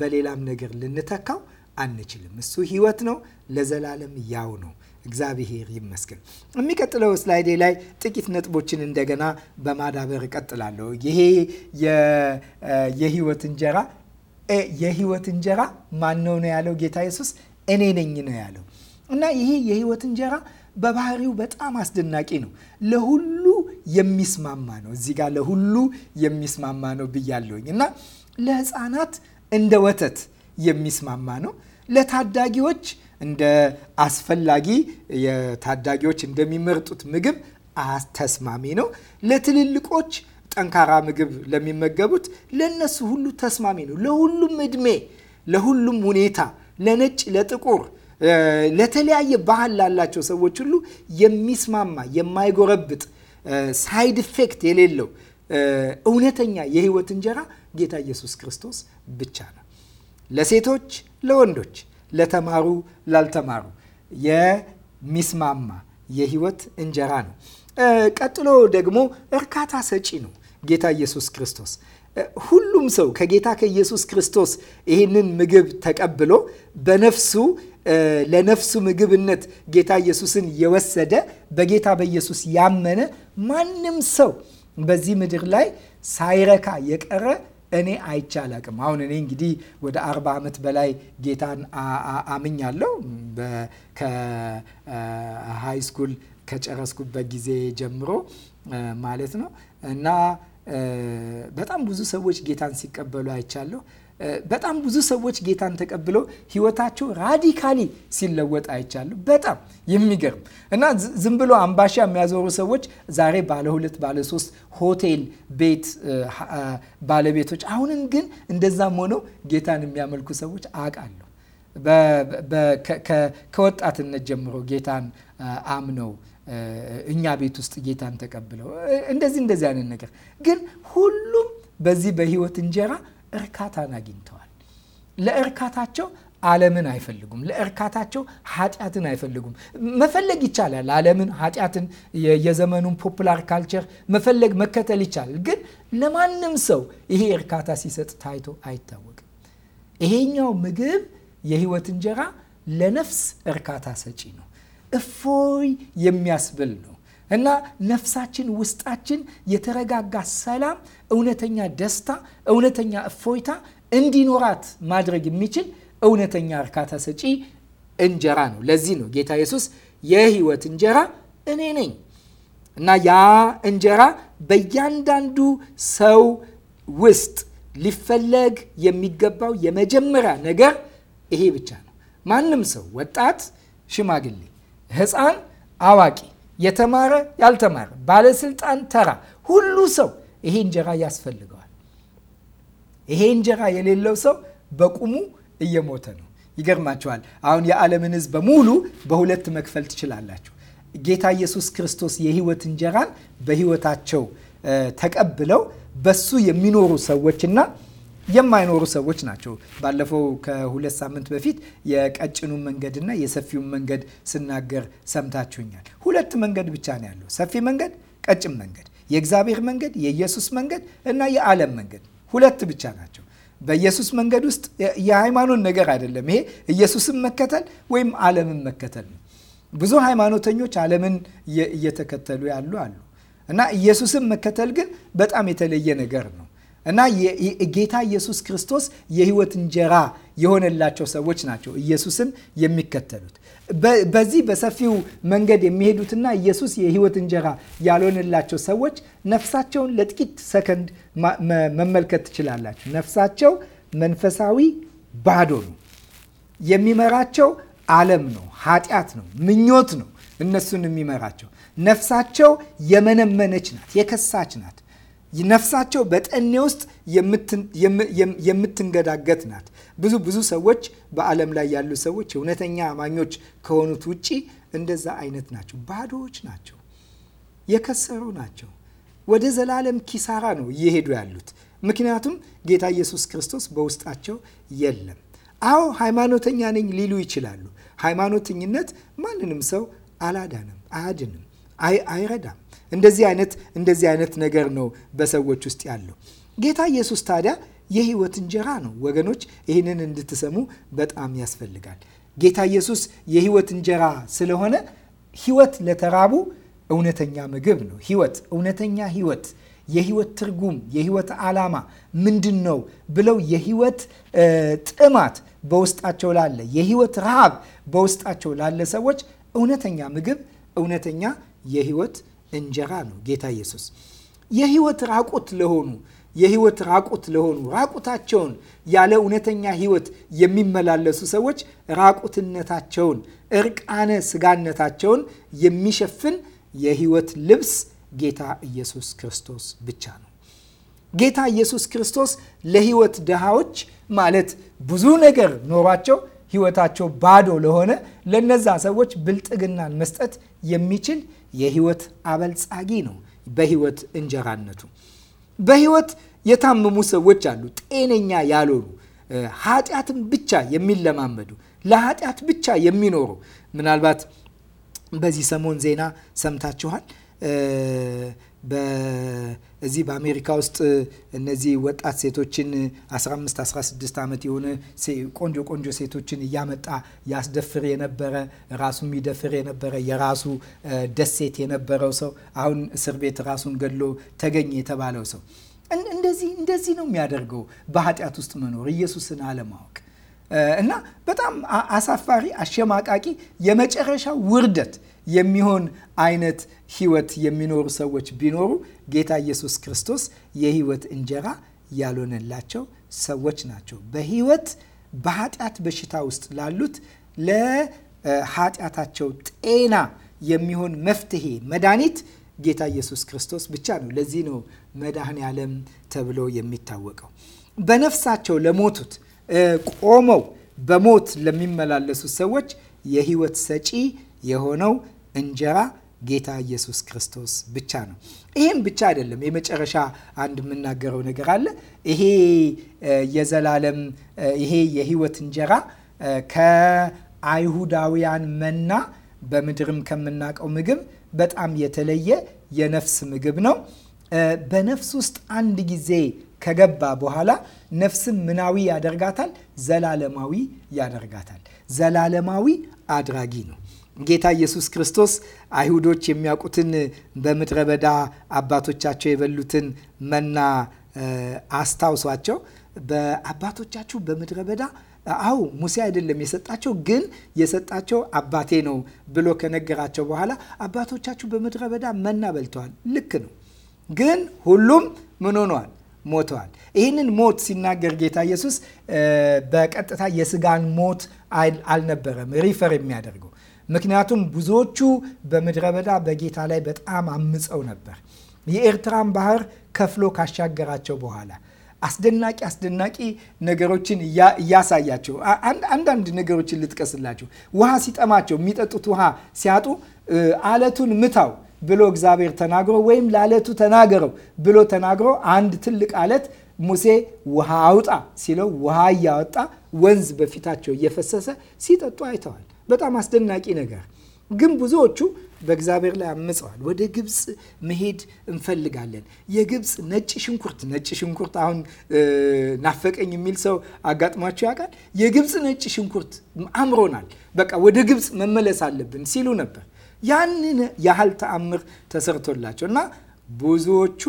በሌላም ነገር ልንተካው አንችልም። እሱ ህይወት ነው፣ ለዘላለም ያው ነው። እግዚአብሔር ይመስገን። የሚቀጥለው ስላይዴ ላይ ጥቂት ነጥቦችን እንደገና በማዳበር እቀጥላለሁ። ይሄ የህይወት እንጀራ የህይወት እንጀራ ማን ነው ነው ያለው ጌታ ኢየሱስ እኔ ነኝ ነው ያለው እና ይሄ የህይወት እንጀራ በባህሪው በጣም አስደናቂ ነው። ለሁሉ የሚስማማ ነው። እዚህ ጋር ለሁሉ የሚስማማ ነው ብያለሁኝ እና ለህፃናት እንደ ወተት የሚስማማ ነው። ለታዳጊዎች እንደ አስፈላጊ የታዳጊዎች እንደሚመርጡት ምግብ ተስማሚ ነው። ለትልልቆች ጠንካራ ምግብ ለሚመገቡት ለእነሱ ሁሉ ተስማሚ ነው። ለሁሉም እድሜ፣ ለሁሉም ሁኔታ፣ ለነጭ፣ ለጥቁር፣ ለተለያየ ባህል ላላቸው ሰዎች ሁሉ የሚስማማ የማይጎረብጥ ሳይድ ኢፌክት የሌለው እውነተኛ የህይወት እንጀራ ጌታ ኢየሱስ ክርስቶስ ብቻ ነው። ለሴቶች፣ ለወንዶች፣ ለተማሩ፣ ላልተማሩ የሚስማማ የህይወት እንጀራ ነው። ቀጥሎ ደግሞ እርካታ ሰጪ ነው ጌታ ኢየሱስ ክርስቶስ። ሁሉም ሰው ከጌታ ከኢየሱስ ክርስቶስ ይህንን ምግብ ተቀብሎ በነፍሱ ለነፍሱ ምግብነት ጌታ ኢየሱስን የወሰደ በጌታ በኢየሱስ ያመነ ማንም ሰው በዚህ ምድር ላይ ሳይረካ የቀረ እኔ አይቻላቅም። አሁን እኔ እንግዲህ ወደ አርባ ዓመት በላይ ጌታን አምኛለሁ። ከሃይ ስኩል ከጨረስኩበት ጊዜ ጀምሮ ማለት ነው እና በጣም ብዙ ሰዎች ጌታን ሲቀበሉ አይቻለሁ። በጣም ብዙ ሰዎች ጌታን ተቀብለው ህይወታቸው ራዲካሊ ሲለወጥ አይቻሉ። በጣም የሚገርም እና ዝም ብሎ አምባሻ የሚያዞሩ ሰዎች ዛሬ ባለ ሁለት ባለ ሶስት ሆቴል ቤት ባለቤቶች፣ አሁንም ግን እንደዛም ሆነው ጌታን የሚያመልኩ ሰዎች አውቃለሁ። ከወጣትነት ጀምሮ ጌታን አምነው እኛ ቤት ውስጥ ጌታን ተቀብለው እንደዚህ እንደዚህ አይነት ነገር ግን ሁሉም በዚህ በህይወት እንጀራ እርካታን አግኝተዋል። ለእርካታቸው ዓለምን አይፈልጉም። ለእርካታቸው ኃጢአትን አይፈልጉም። መፈለግ ይቻላል። ዓለምን፣ ኃጢአትን፣ የዘመኑን ፖፑላር ካልቸር መፈለግ መከተል ይቻላል። ግን ለማንም ሰው ይሄ እርካታ ሲሰጥ ታይቶ አይታወቅም። ይሄኛው ምግብ የህይወት እንጀራ ለነፍስ እርካታ ሰጪ ነው። እፎይ የሚያስብል ነው። እና ነፍሳችን፣ ውስጣችን የተረጋጋ ሰላም፣ እውነተኛ ደስታ፣ እውነተኛ እፎይታ እንዲኖራት ማድረግ የሚችል እውነተኛ እርካታ ሰጪ እንጀራ ነው። ለዚህ ነው ጌታ ኢየሱስ የህይወት እንጀራ እኔ ነኝ እና ያ እንጀራ በእያንዳንዱ ሰው ውስጥ ሊፈለግ የሚገባው የመጀመሪያ ነገር ይሄ ብቻ ነው። ማንም ሰው ወጣት፣ ሽማግሌ፣ ህፃን አዋቂ የተማረ ያልተማረ፣ ባለስልጣን ተራ፣ ሁሉ ሰው ይሄ እንጀራ ያስፈልገዋል። ይሄ እንጀራ የሌለው ሰው በቁሙ እየሞተ ነው። ይገርማቸዋል አሁን የዓለምን ሕዝብ በሙሉ በሁለት መክፈል ትችላላችሁ። ጌታ ኢየሱስ ክርስቶስ የህይወት እንጀራን በህይወታቸው ተቀብለው በሱ የሚኖሩ ሰዎችና የማይኖሩ ሰዎች ናቸው። ባለፈው ከሁለት ሳምንት በፊት የቀጭኑን መንገድና የሰፊውን መንገድ ስናገር ሰምታችሁኛል። ሁለት መንገድ ብቻ ነው ያለው፣ ሰፊ መንገድ፣ ቀጭን መንገድ፣ የእግዚአብሔር መንገድ፣ የኢየሱስ መንገድ እና የዓለም መንገድ ሁለት ብቻ ናቸው። በኢየሱስ መንገድ ውስጥ የሃይማኖት ነገር አይደለም። ይሄ ኢየሱስን መከተል ወይም ዓለምን መከተል ነው። ብዙ ሃይማኖተኞች ዓለምን እየተከተሉ ያሉ አሉ እና ኢየሱስን መከተል ግን በጣም የተለየ ነገር ነው። እና ጌታ ኢየሱስ ክርስቶስ የህይወት እንጀራ የሆነላቸው ሰዎች ናቸው ኢየሱስን የሚከተሉት። በዚህ በሰፊው መንገድ የሚሄዱትና ኢየሱስ የህይወት እንጀራ ያልሆነላቸው ሰዎች ነፍሳቸውን ለጥቂት ሰከንድ መመልከት ትችላላችሁ። ነፍሳቸው መንፈሳዊ ባዶ ነው። የሚመራቸው ዓለም ነው፣ ኃጢአት ነው፣ ምኞት ነው እነሱን የሚመራቸው። ነፍሳቸው የመነመነች ናት፣ የከሳች ናት። ነፍሳቸው በጠኔ ውስጥ የምትንገዳገት ናት። ብዙ ብዙ ሰዎች በዓለም ላይ ያሉ ሰዎች እውነተኛ አማኞች ከሆኑት ውጪ እንደዛ አይነት ናቸው። ባዶዎች ናቸው። የከሰሩ ናቸው። ወደ ዘላለም ኪሳራ ነው እየሄዱ ያሉት። ምክንያቱም ጌታ ኢየሱስ ክርስቶስ በውስጣቸው የለም። አዎ ሃይማኖተኛ ነኝ ሊሉ ይችላሉ። ሃይማኖተኝነት ማንንም ሰው አላዳንም፣ አያድንም፣ አይረዳም። እንደዚህ አይነት እንደዚህ አይነት ነገር ነው በሰዎች ውስጥ ያለው። ጌታ ኢየሱስ ታዲያ የህይወት እንጀራ ነው። ወገኖች ይህንን እንድትሰሙ በጣም ያስፈልጋል። ጌታ ኢየሱስ የህይወት እንጀራ ስለሆነ ህይወት ለተራቡ እውነተኛ ምግብ ነው። ህይወት እውነተኛ ህይወት የህይወት ትርጉም የህይወት ዓላማ ምንድን ነው ብለው የህይወት ጥማት በውስጣቸው ላለ የህይወት ረሃብ በውስጣቸው ላለ ሰዎች እውነተኛ ምግብ እውነተኛ የህይወት እንጀራ ነው ጌታ ኢየሱስ። የህይወት ራቁት ለሆኑ የህይወት ራቁት ለሆኑ ራቁታቸውን ያለ እውነተኛ ህይወት የሚመላለሱ ሰዎች ራቁትነታቸውን፣ እርቃነ ስጋነታቸውን የሚሸፍን የህይወት ልብስ ጌታ ኢየሱስ ክርስቶስ ብቻ ነው። ጌታ ኢየሱስ ክርስቶስ ለህይወት ድሃዎች ማለት ብዙ ነገር ኖሯቸው ህይወታቸው ባዶ ለሆነ ለነዛ ሰዎች ብልጥግናን መስጠት የሚችል የህይወት አበልጻጊ ነው። በህይወት እንጀራነቱ በህይወት የታመሙ ሰዎች አሉ። ጤነኛ ያልሆኑ ኃጢአትን ብቻ የሚለማመዱ ለኃጢአት ብቻ የሚኖሩ ምናልባት በዚህ ሰሞን ዜና ሰምታችኋል። እዚህ በአሜሪካ ውስጥ እነዚህ ወጣት ሴቶችን 15 16 ዓመት የሆነ ቆንጆ ቆንጆ ሴቶችን እያመጣ ያስደፍር የነበረ ራሱ የሚደፍር የነበረ የራሱ ደሴት የነበረው ሰው አሁን እስር ቤት ራሱን ገድሎ ተገኘ የተባለው ሰው እንደዚህ እንደዚህ ነው የሚያደርገው በኃጢአት ውስጥ መኖር ኢየሱስን አለማወቅ እና በጣም አሳፋሪ አሸማቃቂ የመጨረሻ ውርደት የሚሆን አይነት ህይወት የሚኖሩ ሰዎች ቢኖሩ ጌታ ኢየሱስ ክርስቶስ የህይወት እንጀራ ያልሆነላቸው ሰዎች ናቸው። በህይወት በኃጢአት በሽታ ውስጥ ላሉት ለኃጢአታቸው ጤና የሚሆን መፍትሄ መድኃኒት ጌታ ኢየሱስ ክርስቶስ ብቻ ነው። ለዚህ ነው መድኃኔ ዓለም ተብሎ የሚታወቀው። በነፍሳቸው ለሞቱት ቆመው በሞት ለሚመላለሱት ሰዎች የህይወት ሰጪ የሆነው እንጀራ ጌታ ኢየሱስ ክርስቶስ ብቻ ነው። ይህም ብቻ አይደለም። የመጨረሻ አንድ የምናገረው ነገር አለ። ይሄ የዘላለም ይሄ የህይወት እንጀራ ከአይሁዳውያን መና በምድርም ከምናውቀው ምግብ በጣም የተለየ የነፍስ ምግብ ነው። በነፍስ ውስጥ አንድ ጊዜ ከገባ በኋላ ነፍስም ምናዊ ያደርጋታል፣ ዘላለማዊ ያደርጋታል። ዘላለማዊ አድራጊ ነው። ጌታ ኢየሱስ ክርስቶስ አይሁዶች የሚያውቁትን በምድረ በዳ አባቶቻቸው የበሉትን መና አስታውሷቸው። በአባቶቻችሁ በምድረ በዳ አው ሙሴ አይደለም የሰጣቸው ግን የሰጣቸው አባቴ ነው ብሎ ከነገራቸው በኋላ አባቶቻችሁ በምድረ በዳ መና በልተዋል። ልክ ነው። ግን ሁሉም ምን ሆነዋል? ሞተዋል። ይህንን ሞት ሲናገር ጌታ ኢየሱስ በቀጥታ የስጋን ሞት አልነበረም ሪፈር የሚያደርገው ምክንያቱም ብዙዎቹ በምድረ በዳ በጌታ ላይ በጣም አምፀው ነበር። የኤርትራን ባህር ከፍሎ ካሻገራቸው በኋላ አስደናቂ አስደናቂ ነገሮችን እያሳያቸው አንዳንድ ነገሮችን ልጥቀስላቸው። ውሃ ሲጠማቸው የሚጠጡት ውሃ ሲያጡ አለቱን ምታው ብሎ እግዚአብሔር ተናግሮ ወይም ለአለቱ ተናገረው ብሎ ተናግሮ አንድ ትልቅ አለት ሙሴ ውሃ አውጣ ሲለው ውሃ እያወጣ ወንዝ በፊታቸው እየፈሰሰ ሲጠጡ አይተዋል። በጣም አስደናቂ ነገር። ግን ብዙዎቹ በእግዚአብሔር ላይ አምፀዋል። ወደ ግብፅ መሄድ እንፈልጋለን። የግብፅ ነጭ ሽንኩርት ነጭ ሽንኩርት አሁን ናፈቀኝ የሚል ሰው አጋጥሟቸው ያውቃል? የግብፅ ነጭ ሽንኩርት አምሮናል፣ በቃ ወደ ግብፅ መመለስ አለብን ሲሉ ነበር። ያንን ያህል ተአምር ተሰርቶላቸው እና ብዙዎቹ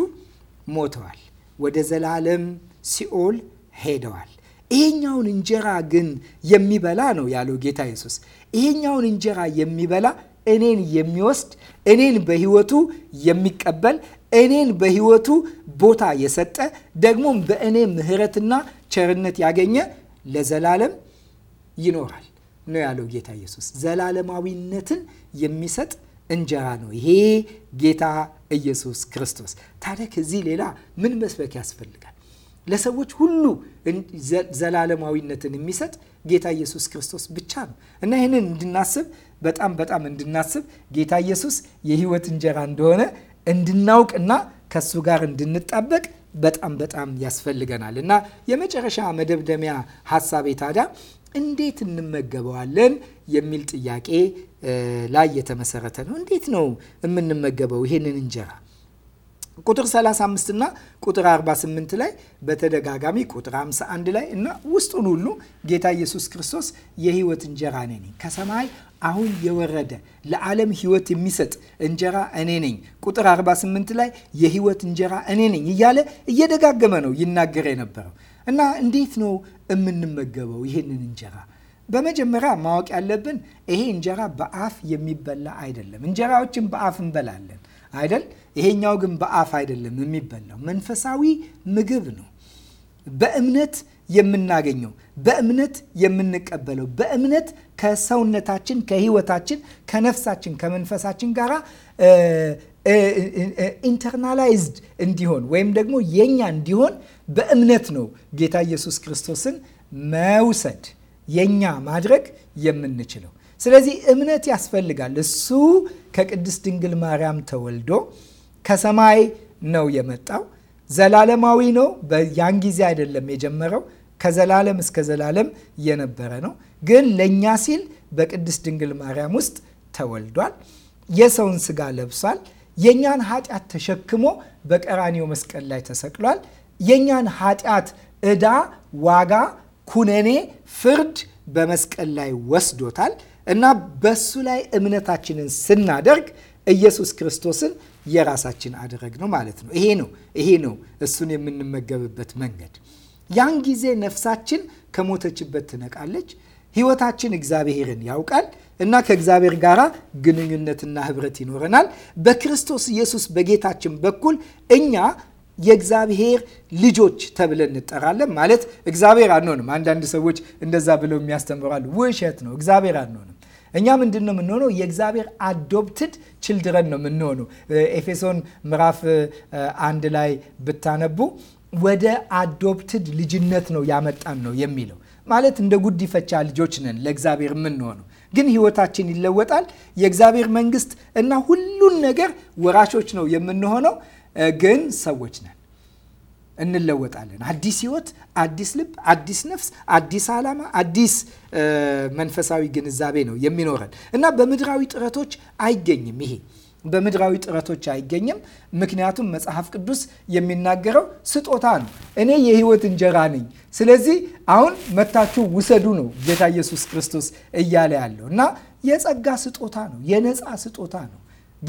ሞተዋል፣ ወደ ዘላለም ሲኦል ሄደዋል። ይሄኛውን እንጀራ ግን የሚበላ ነው ያለው ጌታ ኢየሱስ ይሄኛውን እንጀራ የሚበላ እኔን የሚወስድ እኔን በህይወቱ የሚቀበል እኔን በህይወቱ ቦታ የሰጠ ደግሞም በእኔ ምህረትና ቸርነት ያገኘ ለዘላለም ይኖራል ነው ያለው ጌታ ኢየሱስ። ዘላለማዊነትን የሚሰጥ እንጀራ ነው ይሄ ጌታ ኢየሱስ ክርስቶስ። ታዲያ ከዚህ ሌላ ምን መስበክ ያስፈልጋል? ለሰዎች ሁሉ ዘላለማዊነትን የሚሰጥ ጌታ ኢየሱስ ክርስቶስ ብቻ ነው እና ይህንን እንድናስብ በጣም በጣም እንድናስብ ጌታ ኢየሱስ የህይወት እንጀራ እንደሆነ እንድናውቅ እና ከሱ ጋር እንድንጣበቅ በጣም በጣም ያስፈልገናል እና የመጨረሻ መደምደሚያ ሀሳቤ ታዲያ እንዴት እንመገበዋለን የሚል ጥያቄ ላይ የተመሰረተ ነው። እንዴት ነው የምንመገበው ይሄንን እንጀራ? ቁጥር 35 እና ቁጥር 48 ላይ በተደጋጋሚ ቁጥር 51 ላይ እና ውስጡን ሁሉ ጌታ ኢየሱስ ክርስቶስ የህይወት እንጀራ እኔ ነኝ፣ ከሰማይ አሁን የወረደ ለዓለም ህይወት የሚሰጥ እንጀራ እኔ ነኝ፣ ቁጥር 48 ላይ የህይወት እንጀራ እኔ ነኝ እያለ እየደጋገመ ነው ይናገር የነበረው እና እንዴት ነው የምንመገበው ይህንን እንጀራ? በመጀመሪያ ማወቅ ያለብን ይሄ እንጀራ በአፍ የሚበላ አይደለም። እንጀራዎችን በአፍ እንበላለን አይደል? ይሄኛው ግን በአፍ አይደለም የሚበላው፣ መንፈሳዊ ምግብ ነው። በእምነት የምናገኘው፣ በእምነት የምንቀበለው፣ በእምነት ከሰውነታችን፣ ከህይወታችን፣ ከነፍሳችን፣ ከመንፈሳችን ጋር ኢንተርናላይዝድ እንዲሆን ወይም ደግሞ የኛ እንዲሆን በእምነት ነው ጌታ ኢየሱስ ክርስቶስን መውሰድ የኛ ማድረግ የምንችለው። ስለዚህ እምነት ያስፈልጋል። እሱ ከቅድስት ድንግል ማርያም ተወልዶ ከሰማይ ነው የመጣው። ዘላለማዊ ነው። ያን ጊዜ አይደለም የጀመረው፣ ከዘላለም እስከ ዘላለም የነበረ ነው። ግን ለእኛ ሲል በቅድስት ድንግል ማርያም ውስጥ ተወልዷል። የሰውን ስጋ ለብሷል። የእኛን ኃጢአት ተሸክሞ በቀራኒው መስቀል ላይ ተሰቅሏል። የእኛን ኃጢአት ዕዳ፣ ዋጋ፣ ኩነኔ፣ ፍርድ በመስቀል ላይ ወስዶታል እና በሱ ላይ እምነታችንን ስናደርግ ኢየሱስ ክርስቶስን የራሳችን አደረግ ነው ማለት ነው። ይሄ ነው ይሄ ነው እሱን የምንመገብበት መንገድ። ያን ጊዜ ነፍሳችን ከሞተችበት ትነቃለች። ህይወታችን እግዚአብሔርን ያውቃል እና ከእግዚአብሔር ጋር ግንኙነትና ህብረት ይኖረናል። በክርስቶስ ኢየሱስ በጌታችን በኩል እኛ የእግዚአብሔር ልጆች ተብለን እንጠራለን። ማለት እግዚአብሔር አንሆንም። አንዳንድ ሰዎች እንደዛ ብለው የሚያስተምራሉ። ውሸት ነው። እግዚአብሔር አንሆንም። እኛ ምንድን ነው የምንሆነው? የእግዚአብሔር አዶፕትድ ችልድረን ነው የምንሆነው። ኤፌሶን ምዕራፍ አንድ ላይ ብታነቡ ወደ አዶፕትድ ልጅነት ነው ያመጣን ነው የሚለው ማለት እንደ ጉዲፈቻ ልጆች ነን ለእግዚአብሔር የምንሆነው ግን ህይወታችን ይለወጣል። የእግዚአብሔር መንግስት እና ሁሉን ነገር ወራሾች ነው የምንሆነው፣ ግን ሰዎች ነን። እንለወጣለን። አዲስ ህይወት፣ አዲስ ልብ፣ አዲስ ነፍስ፣ አዲስ ዓላማ፣ አዲስ መንፈሳዊ ግንዛቤ ነው የሚኖረን እና በምድራዊ ጥረቶች አይገኝም። ይሄ በምድራዊ ጥረቶች አይገኝም። ምክንያቱም መጽሐፍ ቅዱስ የሚናገረው ስጦታ ነው። እኔ የህይወት እንጀራ ነኝ፣ ስለዚህ አሁን መታችሁ ውሰዱ ነው ጌታ ኢየሱስ ክርስቶስ እያለ ያለው እና የጸጋ ስጦታ ነው፣ የነፃ ስጦታ ነው።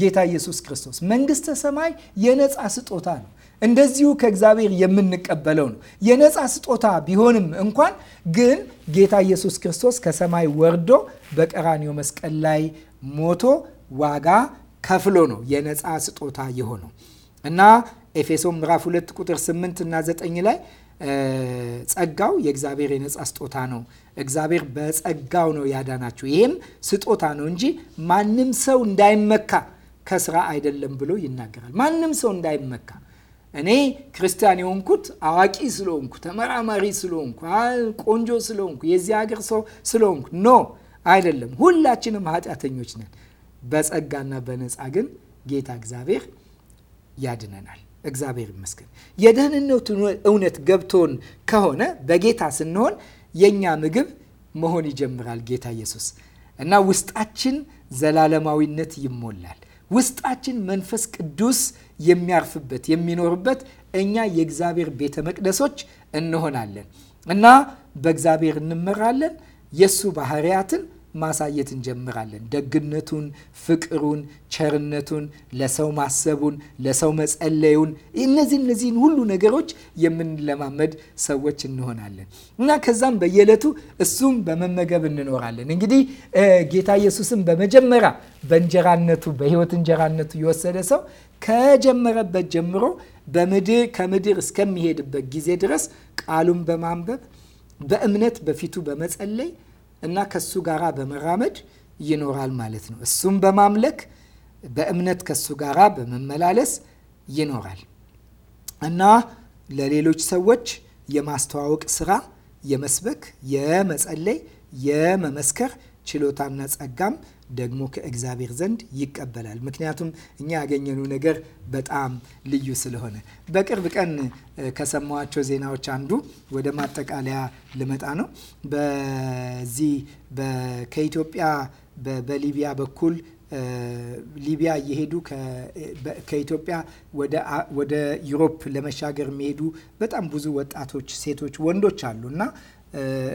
ጌታ ኢየሱስ ክርስቶስ መንግስተ ሰማይ የነፃ ስጦታ ነው። እንደዚሁ ከእግዚአብሔር የምንቀበለው ነው። የነፃ ስጦታ ቢሆንም እንኳን ግን ጌታ ኢየሱስ ክርስቶስ ከሰማይ ወርዶ በቀራንዮ መስቀል ላይ ሞቶ ዋጋ ከፍሎ ነው የነፃ ስጦታ የሆነው እና ኤፌሶን ምዕራፍ 2 ቁጥር 8 እና 9 ላይ ጸጋው የእግዚአብሔር የነፃ ስጦታ ነው። እግዚአብሔር በጸጋው ነው ያዳናችሁ፣ ይህም ስጦታ ነው እንጂ ማንም ሰው እንዳይመካ ከስራ አይደለም ብሎ ይናገራል። ማንም ሰው እንዳይመካ እኔ ክርስቲያን የሆንኩት አዋቂ ስለሆንኩ፣ ተመራማሪ ስለሆንኩ፣ ቆንጆ ስለሆንኩ፣ የዚህ ሀገር ሰው ስለሆንኩ ኖ አይደለም። ሁላችንም ኃጢአተኞች ነን። በጸጋና በነፃ ግን ጌታ እግዚአብሔር ያድነናል። እግዚአብሔር ይመስገን። የደህንነቱ እውነት ገብቶን ከሆነ በጌታ ስንሆን የእኛ ምግብ መሆን ይጀምራል ጌታ ኢየሱስ እና ውስጣችን ዘላለማዊነት ይሞላል። ውስጣችን መንፈስ ቅዱስ የሚያርፍበት የሚኖርበት እኛ የእግዚአብሔር ቤተ መቅደሶች እንሆናለን እና በእግዚአብሔር እንመራለን። የእሱ ባህሪያትን ማሳየት እንጀምራለን። ደግነቱን፣ ፍቅሩን፣ ቸርነቱን፣ ለሰው ማሰቡን፣ ለሰው መጸለዩን እነዚህ እነዚህን ሁሉ ነገሮች የምንለማመድ ሰዎች እንሆናለን እና ከዛም በየዕለቱ እሱም በመመገብ እንኖራለን። እንግዲህ ጌታ ኢየሱስን በመጀመሪያ በእንጀራነቱ በህይወት እንጀራነቱ የወሰደ ሰው ከጀመረበት ጀምሮ በምድር ከምድር እስከሚሄድበት ጊዜ ድረስ ቃሉን በማንበብ በእምነት በፊቱ በመጸለይ እና ከሱ ጋራ በመራመድ ይኖራል ማለት ነው። እሱም በማምለክ በእምነት ከሱ ጋራ በመመላለስ ይኖራል እና ለሌሎች ሰዎች የማስተዋወቅ ስራ፣ የመስበክ፣ የመጸለይ፣ የመመስከር ችሎታና ጸጋም ደግሞ ከእግዚአብሔር ዘንድ ይቀበላል። ምክንያቱም እኛ ያገኘነው ነገር በጣም ልዩ ስለሆነ። በቅርብ ቀን ከሰማኋቸው ዜናዎች አንዱ ወደ ማጠቃለያ ልመጣ ነው። በዚህ ከኢትዮጵያ በሊቢያ በኩል ሊቢያ እየሄዱ ከኢትዮጵያ ወደ ዩሮፕ ለመሻገር የሚሄዱ በጣም ብዙ ወጣቶች፣ ሴቶች፣ ወንዶች አሉ እና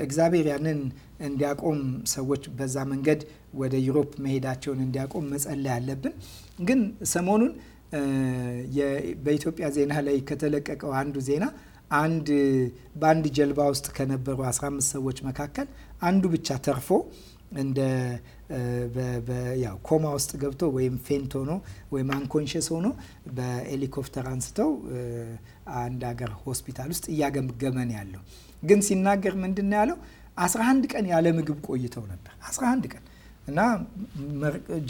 እግዚአብሔር ያንን እንዲያቆም ሰዎች በዛ መንገድ ወደ ዩሮፕ መሄዳቸውን እንዲያቆም መጸለይ አለብን። ግን ሰሞኑን በኢትዮጵያ ዜና ላይ ከተለቀቀው አንዱ ዜና አንድ በአንድ ጀልባ ውስጥ ከነበሩ 15 ሰዎች መካከል አንዱ ብቻ ተርፎ እንደ ያው ኮማ ውስጥ ገብቶ ወይም ፌንት ሆኖ ወይም አንኮንሽስ ሆኖ በሄሊኮፕተር አንስተው አንድ ሀገር ሆስፒታል ውስጥ እያገመገመን ያለው ግን ሲናገር ምንድን ያለው 11 ቀን ያለ ምግብ ቆይተው ነበር። 11 ቀን እና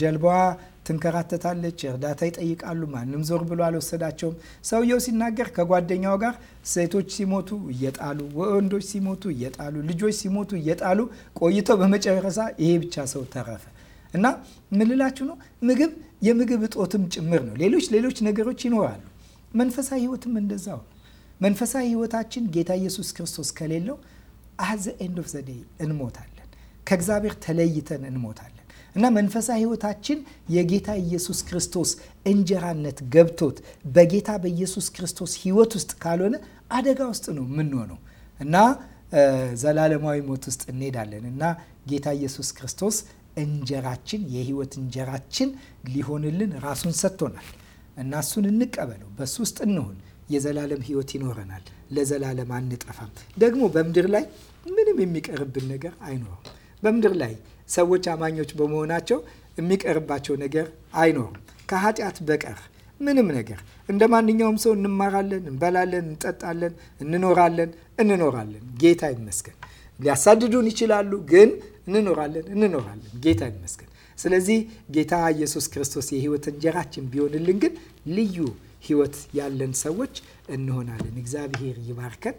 ጀልባዋ ትንከራተታለች። እርዳታ ይጠይቃሉ። ማንም ዞር ብሎ አልወሰዳቸውም። ሰውየው ሲናገር ከጓደኛው ጋር ሴቶች ሲሞቱ እየጣሉ፣ ወንዶች ሲሞቱ እየጣሉ፣ ልጆች ሲሞቱ እየጣሉ ቆይተው በመጨረሻ ይሄ ብቻ ሰው ተረፈ። እና ምልላችሁ ነው? ምግብ የምግብ እጦትም ጭምር ነው። ሌሎች ሌሎች ነገሮች ይኖራሉ። መንፈሳዊ ህይወትም እንደዛው ነው። መንፈሳዊ ህይወታችን ጌታ ኢየሱስ ክርስቶስ ከሌለው አዘ ኤንድ ኦፍ ዘዴ እንሞታለን። ከእግዚአብሔር ተለይተን እንሞታለን እና መንፈሳዊ ህይወታችን የጌታ ኢየሱስ ክርስቶስ እንጀራነት ገብቶት በጌታ በኢየሱስ ክርስቶስ ህይወት ውስጥ ካልሆነ አደጋ ውስጥ ነው የምንሆነው እና ዘላለማዊ ሞት ውስጥ እንሄዳለን እና ጌታ ኢየሱስ ክርስቶስ እንጀራችን የህይወት እንጀራችን ሊሆንልን ራሱን ሰጥቶናል እና እሱን እንቀበለው፣ በሱ ውስጥ እንሁን። የዘላለም ህይወት ይኖረናል። ለዘላለም አንጠፋም። ደግሞ በምድር ላይ ምንም የሚቀርብን ነገር አይኖርም። በምድር ላይ ሰዎች አማኞች በመሆናቸው የሚቀርባቸው ነገር አይኖርም ከኃጢአት በቀር ምንም ነገር እንደ ማንኛውም ሰው እንማራለን፣ እንበላለን፣ እንጠጣለን፣ እንኖራለን እንኖራለን። ጌታ ይመስገን። ሊያሳድዱን ይችላሉ፣ ግን እንኖራለን እንኖራለን። ጌታ ይመስገን። ስለዚህ ጌታ ኢየሱስ ክርስቶስ የህይወት እንጀራችን ቢሆንልን ግን ልዩ ህይወት ያለን ሰዎች እንሆናለን። እግዚአብሔር ይባርከን።